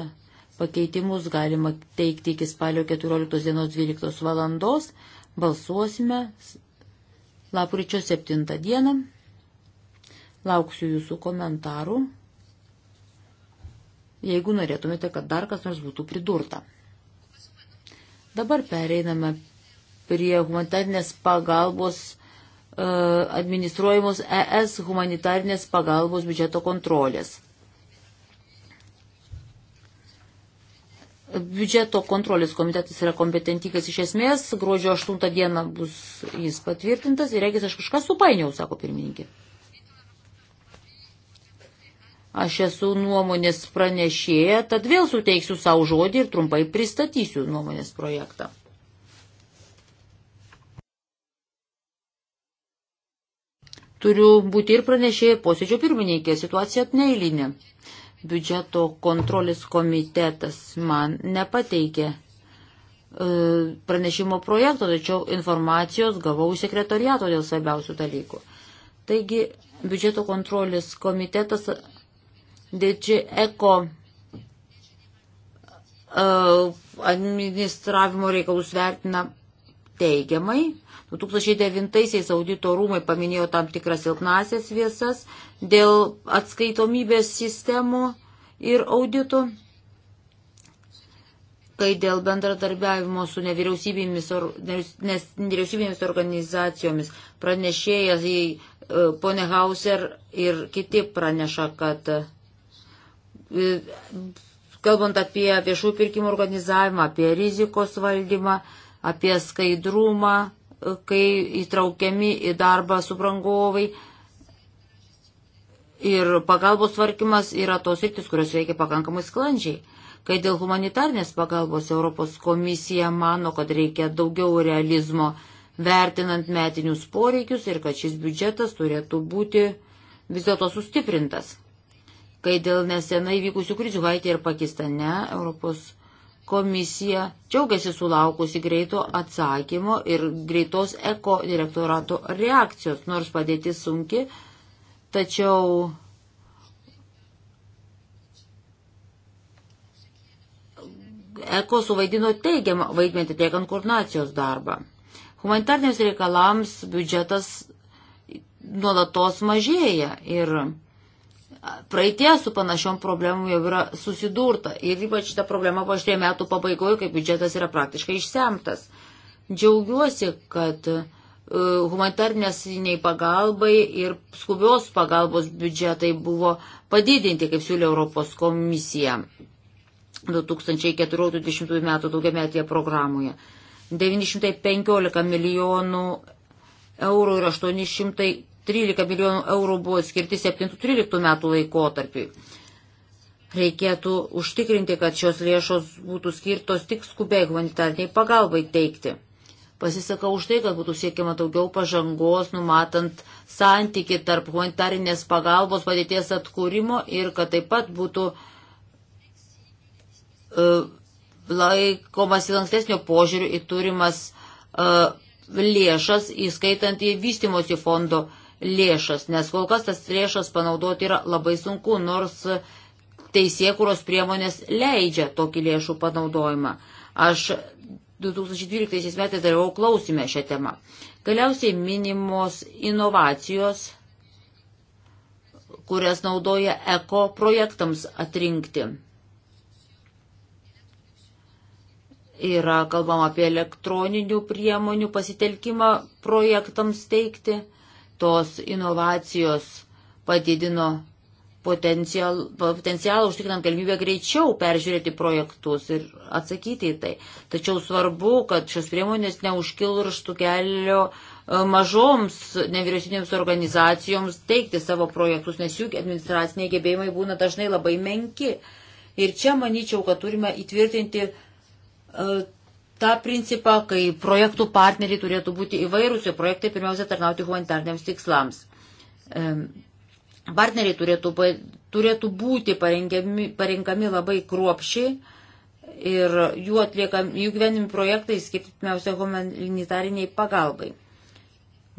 S2: pakeitimus galima teikti iki spalio 14 dienos 12 valandos. Balsuosime lapryčio 7 dieną. Lauksiu jūsų komentarų, jeigu norėtumėte, kad dar kas nors būtų pridurta. Dabar pereiname prie humanitarnės pagalbos E, administruojamos ES humanitarnės pagalbos biudžeto kontrolės. Biudžeto kontrolės komitetas yra kompetentingas iš esmės, gruodžio 8 dieną bus jis patvirtintas ir regis aš kažką supainiau, sako pirmininkė. Aš esu nuomonės pranešėja, tad vėl suteiksiu savo žodį ir trumpai pristatysiu nuomonės projektą. Turiu būti ir pranešėjai posėdžio pirmininkė, situacija neįlinė. Biudžeto kontrolės komitetas man nepateikė e, pranešimo projekto, tačiau informacijos gavau sekretoriato dėl svarbiausių dalykų. Taigi, biudžeto kontrolės komitetas Didži Eko e, administravimo reikalus vertina teigiamai. 2009-aisiais audito rūmai paminėjo tam tikras silpnasias viesas dėl atskaitomybės sistemų ir auditų, kai dėl bendradarbiavimo su nevyriausybėmis, nevyriausybėmis organizacijomis pranešėjas į e, ponę Hauser ir kiti praneša, kad e, kalbant apie viešų pirkimų organizavimą, apie rizikos valdymą, apie skaidrumą, kai įtraukiami į darbą subrangovai. Ir pagalbos tvarkymas yra tos rytis, kurios veikia pakankamai sklandžiai. Kai dėl humanitarnės pagalbos Europos komisija mano, kad reikia daugiau realizmo vertinant metinius poreikius ir kad šis biudžetas turėtų būti vis dėlto sustiprintas. Kai dėl nesenai vykusių krizių Haitė ir Pakistane Europos komisija Komisija džiaugiasi sulaukusi greito atsakymo ir greitos eko direktorato reakcijos, nors padėtis sunki, tačiau eko suvaidino teigiamą vaidmenį atliekant koordinacijos darbą. Humanitarniams reikalams biudžetas nuolatos mažėja ir Praeitie su panašiom problemom jau yra susidurta ir ypač šitą problemą paštė metų pabaigoje, kai biudžetas yra praktiškai išsemtas. Džiaugiuosi, kad e, humanitarnėsiniai pagalbai ir skubios pagalbos biudžetai buvo padidinti, kaip siūlė Europos komisija 2014-2020 metų daugiametėje programoje. 915 milijonų eurų ir 800 13 milijonų eurų buvo skirti 7-13 metų laikotarpiui. Reikėtų užtikrinti, kad šios lėšos būtų skirtos tik skubiai humanitariniai pagalbai teikti. Pasisakau už tai, kad būtų siekiama daugiau pažangos, numatant santyki tarp humanitarinės pagalbos padėties atkūrimo ir kad taip pat būtų uh, laikomas lankstesnio požiūrių į turimas uh, lėšas, įskaitant į vystimosi fondo uh, lėšas, nes kol kas tas lėšas panaudoti yra labai sunku, nors teisėkuros priemonės leidžia tokį lėšų panaudojimą. Aš 2012 metais dalyvau klausime šią temą. Galiausiai minimos inovacijos, kurias naudoja eko projektams atrinkti. Yra kalbama apie elektroninių priemonių pasitelkimą projektams teikti tos inovacijos padidino potencial, potencialą, užtikrinant galimybę greičiau peržiūrėti projektus ir atsakyti į tai. Tačiau svarbu, kad šios priemonės neužkilrštų kelio e, mažoms nevyriausybinėms organizacijoms teikti savo projektus, nes jų administraciniai gebėjimai būna dažnai labai menki. Ir čia manyčiau, kad turime įtvirtinti uh, tą principą, kai projektų partneriai turėtų būti įvairūs, jo projektai pirmiausia tarnauti humanitarniams tikslams. Partneriai turėtų, turėtų būti parenkami labai kruopšiai ir jų, atliekam, jų gyvenimi projektai skirti pirmiausia humanitariniai pagalbai.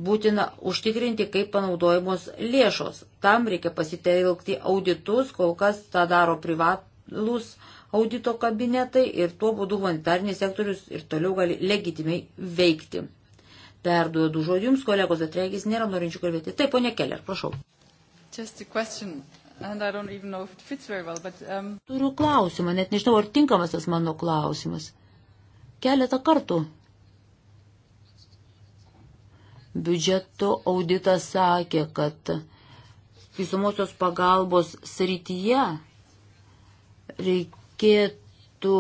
S2: Būtina užtikrinti, kaip panaudojamos lėšos. Tam reikia pasitelkti auditus, kol kas tą daro privatus audito kabinetai ir tuo būdu humanitarinis sektorius ir toliau gali legitimiai veikti. Perduodu žodį jums, kolegos, atreigis nėra norinčių kalbėti. Taip, ponė Keller, prašau.
S3: Well, but, um...
S2: Turiu klausimą, net nežinau, ar tinkamas tas mano klausimas. Keletą kartų biudžeto auditas sakė, kad visumosios pagalbos srityje reik, reikėtų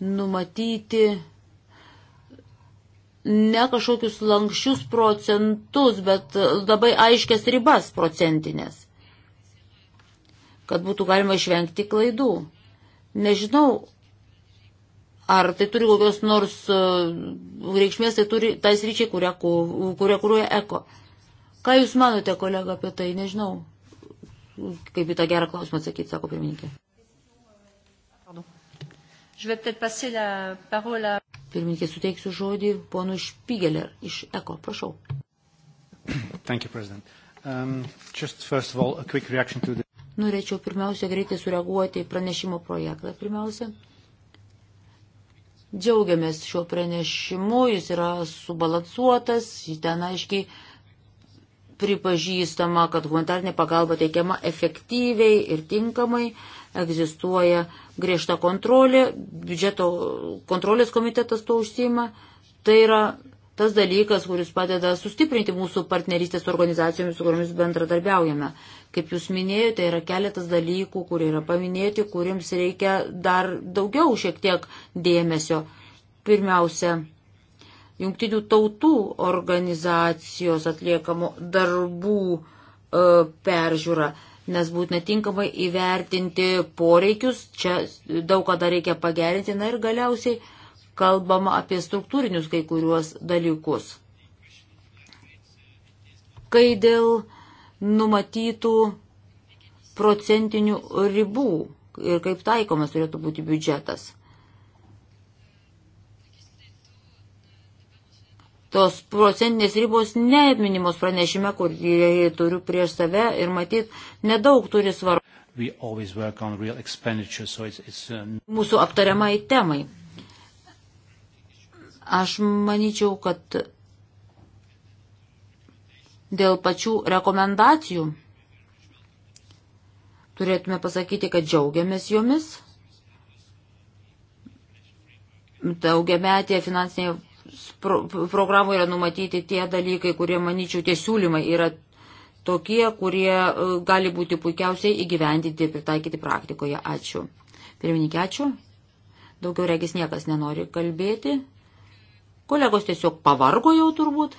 S2: numatyti ne kažkokius lankščius procentus, bet labai aiškias ribas procentinės, kad būtų galima išvengti klaidų. Nežinau, ar tai turi kokios nors e, reikšmės, tai turi tais ryčiai, kurią kūrė eko. Ką Jūs manote, kolega, apie tai? Nežinau, kaip į tą gerą klausimą atsakyti, sako pirmininkė. Pirmininkė suteiksiu žodį ponui Špigeler iš ECO. Prašau.
S1: Thank you, President. Um, just first of all, a quick reaction to the...
S2: Norėčiau pirmiausia greitai sureaguoti į pranešimo projektą. Pirmiausia, džiaugiamės šiuo pranešimu, jis yra subalansuotas, jis ten aiškiai pripažįstama, kad humanitarinė pagalba teikiama efektyviai ir tinkamai. Uh, egzistuoja griežta kontrolė, biudžeto kontrolės komitetas to užsima. Tai yra tas dalykas, kuris padeda sustiprinti mūsų partnerystės organizacijomis, su kuriomis bendradarbiaujame. Kaip jūs minėjote, yra keletas dalykų, kurie yra paminėti, kuriems reikia dar daugiau šiek tiek dėmesio. Pirmiausia, jungtinių tautų organizacijos atliekamų darbų e, peržiūra. E, nes būtina tinkamai įvertinti poreikius, čia daug ką dar reikia pagerinti, na ir galiausiai kalbama apie struktūrinius kai kuriuos dalykus. Kai dėl numatytų procentinių ribų ir kaip taikomas turėtų būti biudžetas. Tos procentinės ribos neatminimos pranešime, kur jie turiu prieš save ir matyt, nedaug turi svarbu.
S4: So it's, it's, um... Mūsų
S2: aptariamai temai. Aš manyčiau, kad dėl pačių rekomendacijų turėtume pasakyti, kad džiaugiamės jomis daugiametėje finansinėje pro, programų yra numatyti tie dalykai, kurie, manyčiau, tie siūlymai yra tokie, kurie e, gali būti puikiausiai įgyvendinti ir pritaikyti praktikoje. Ačiū. Pirmininkė, ačiū. Daugiau regis niekas nenori kalbėti. Kolegos tiesiog pavargo jau turbūt.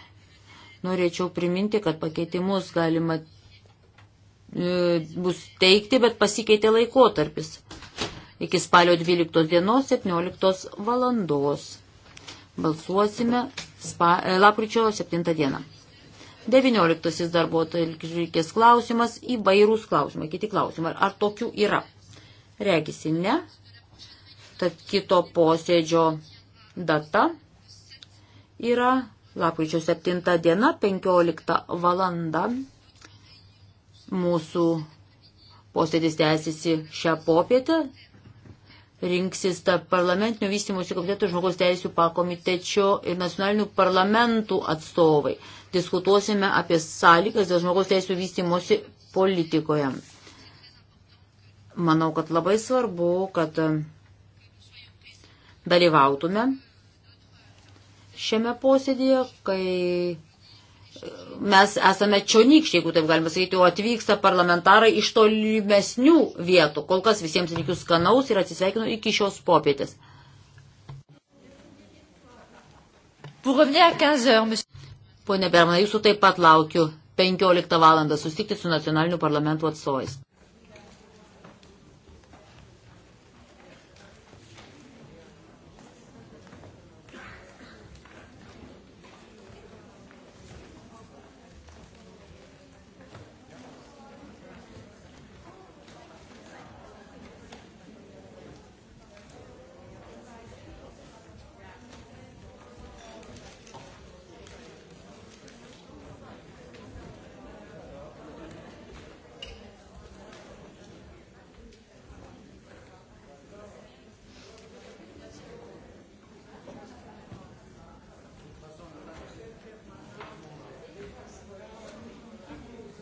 S2: Norėčiau priminti, kad pakeitimus galima e, bus teikti, bet pasikeitė laikotarpis. Iki spalio 12 dienos 17 valandos. Balsuosime spa, e, lapkričio 7 dieną. 19 darbuotojas klausimas, įvairūs klausimai, kiti klausimai. Ar tokių yra? Regisi ne. Tad kito posėdžio data yra lapkričio 7 diena, 15 valanda. Mūsų posėdis tęsiasi šią popietę rinksis tarp parlamentinio vystimusi komitetų žmogaus teisų pakomitečio ir nacionalinių parlamentų atstovai. Diskutuosime apie sąlygas dėl žmogaus teisų vystimusi politikoje. Manau, kad labai svarbu, kad dalyvautume šiame posėdėje, kai mes esame čionykščiai, jeigu taip galima sakyti, o atvyksta parlamentarai iš tolimesnių vietų. Kol kas visiems linkiu skanaus ir atsisveikinu iki šios popietės. Pone Bermanai, jūsų taip pat laukiu 15 val. susitikti su nacionaliniu parlamentu atstovais.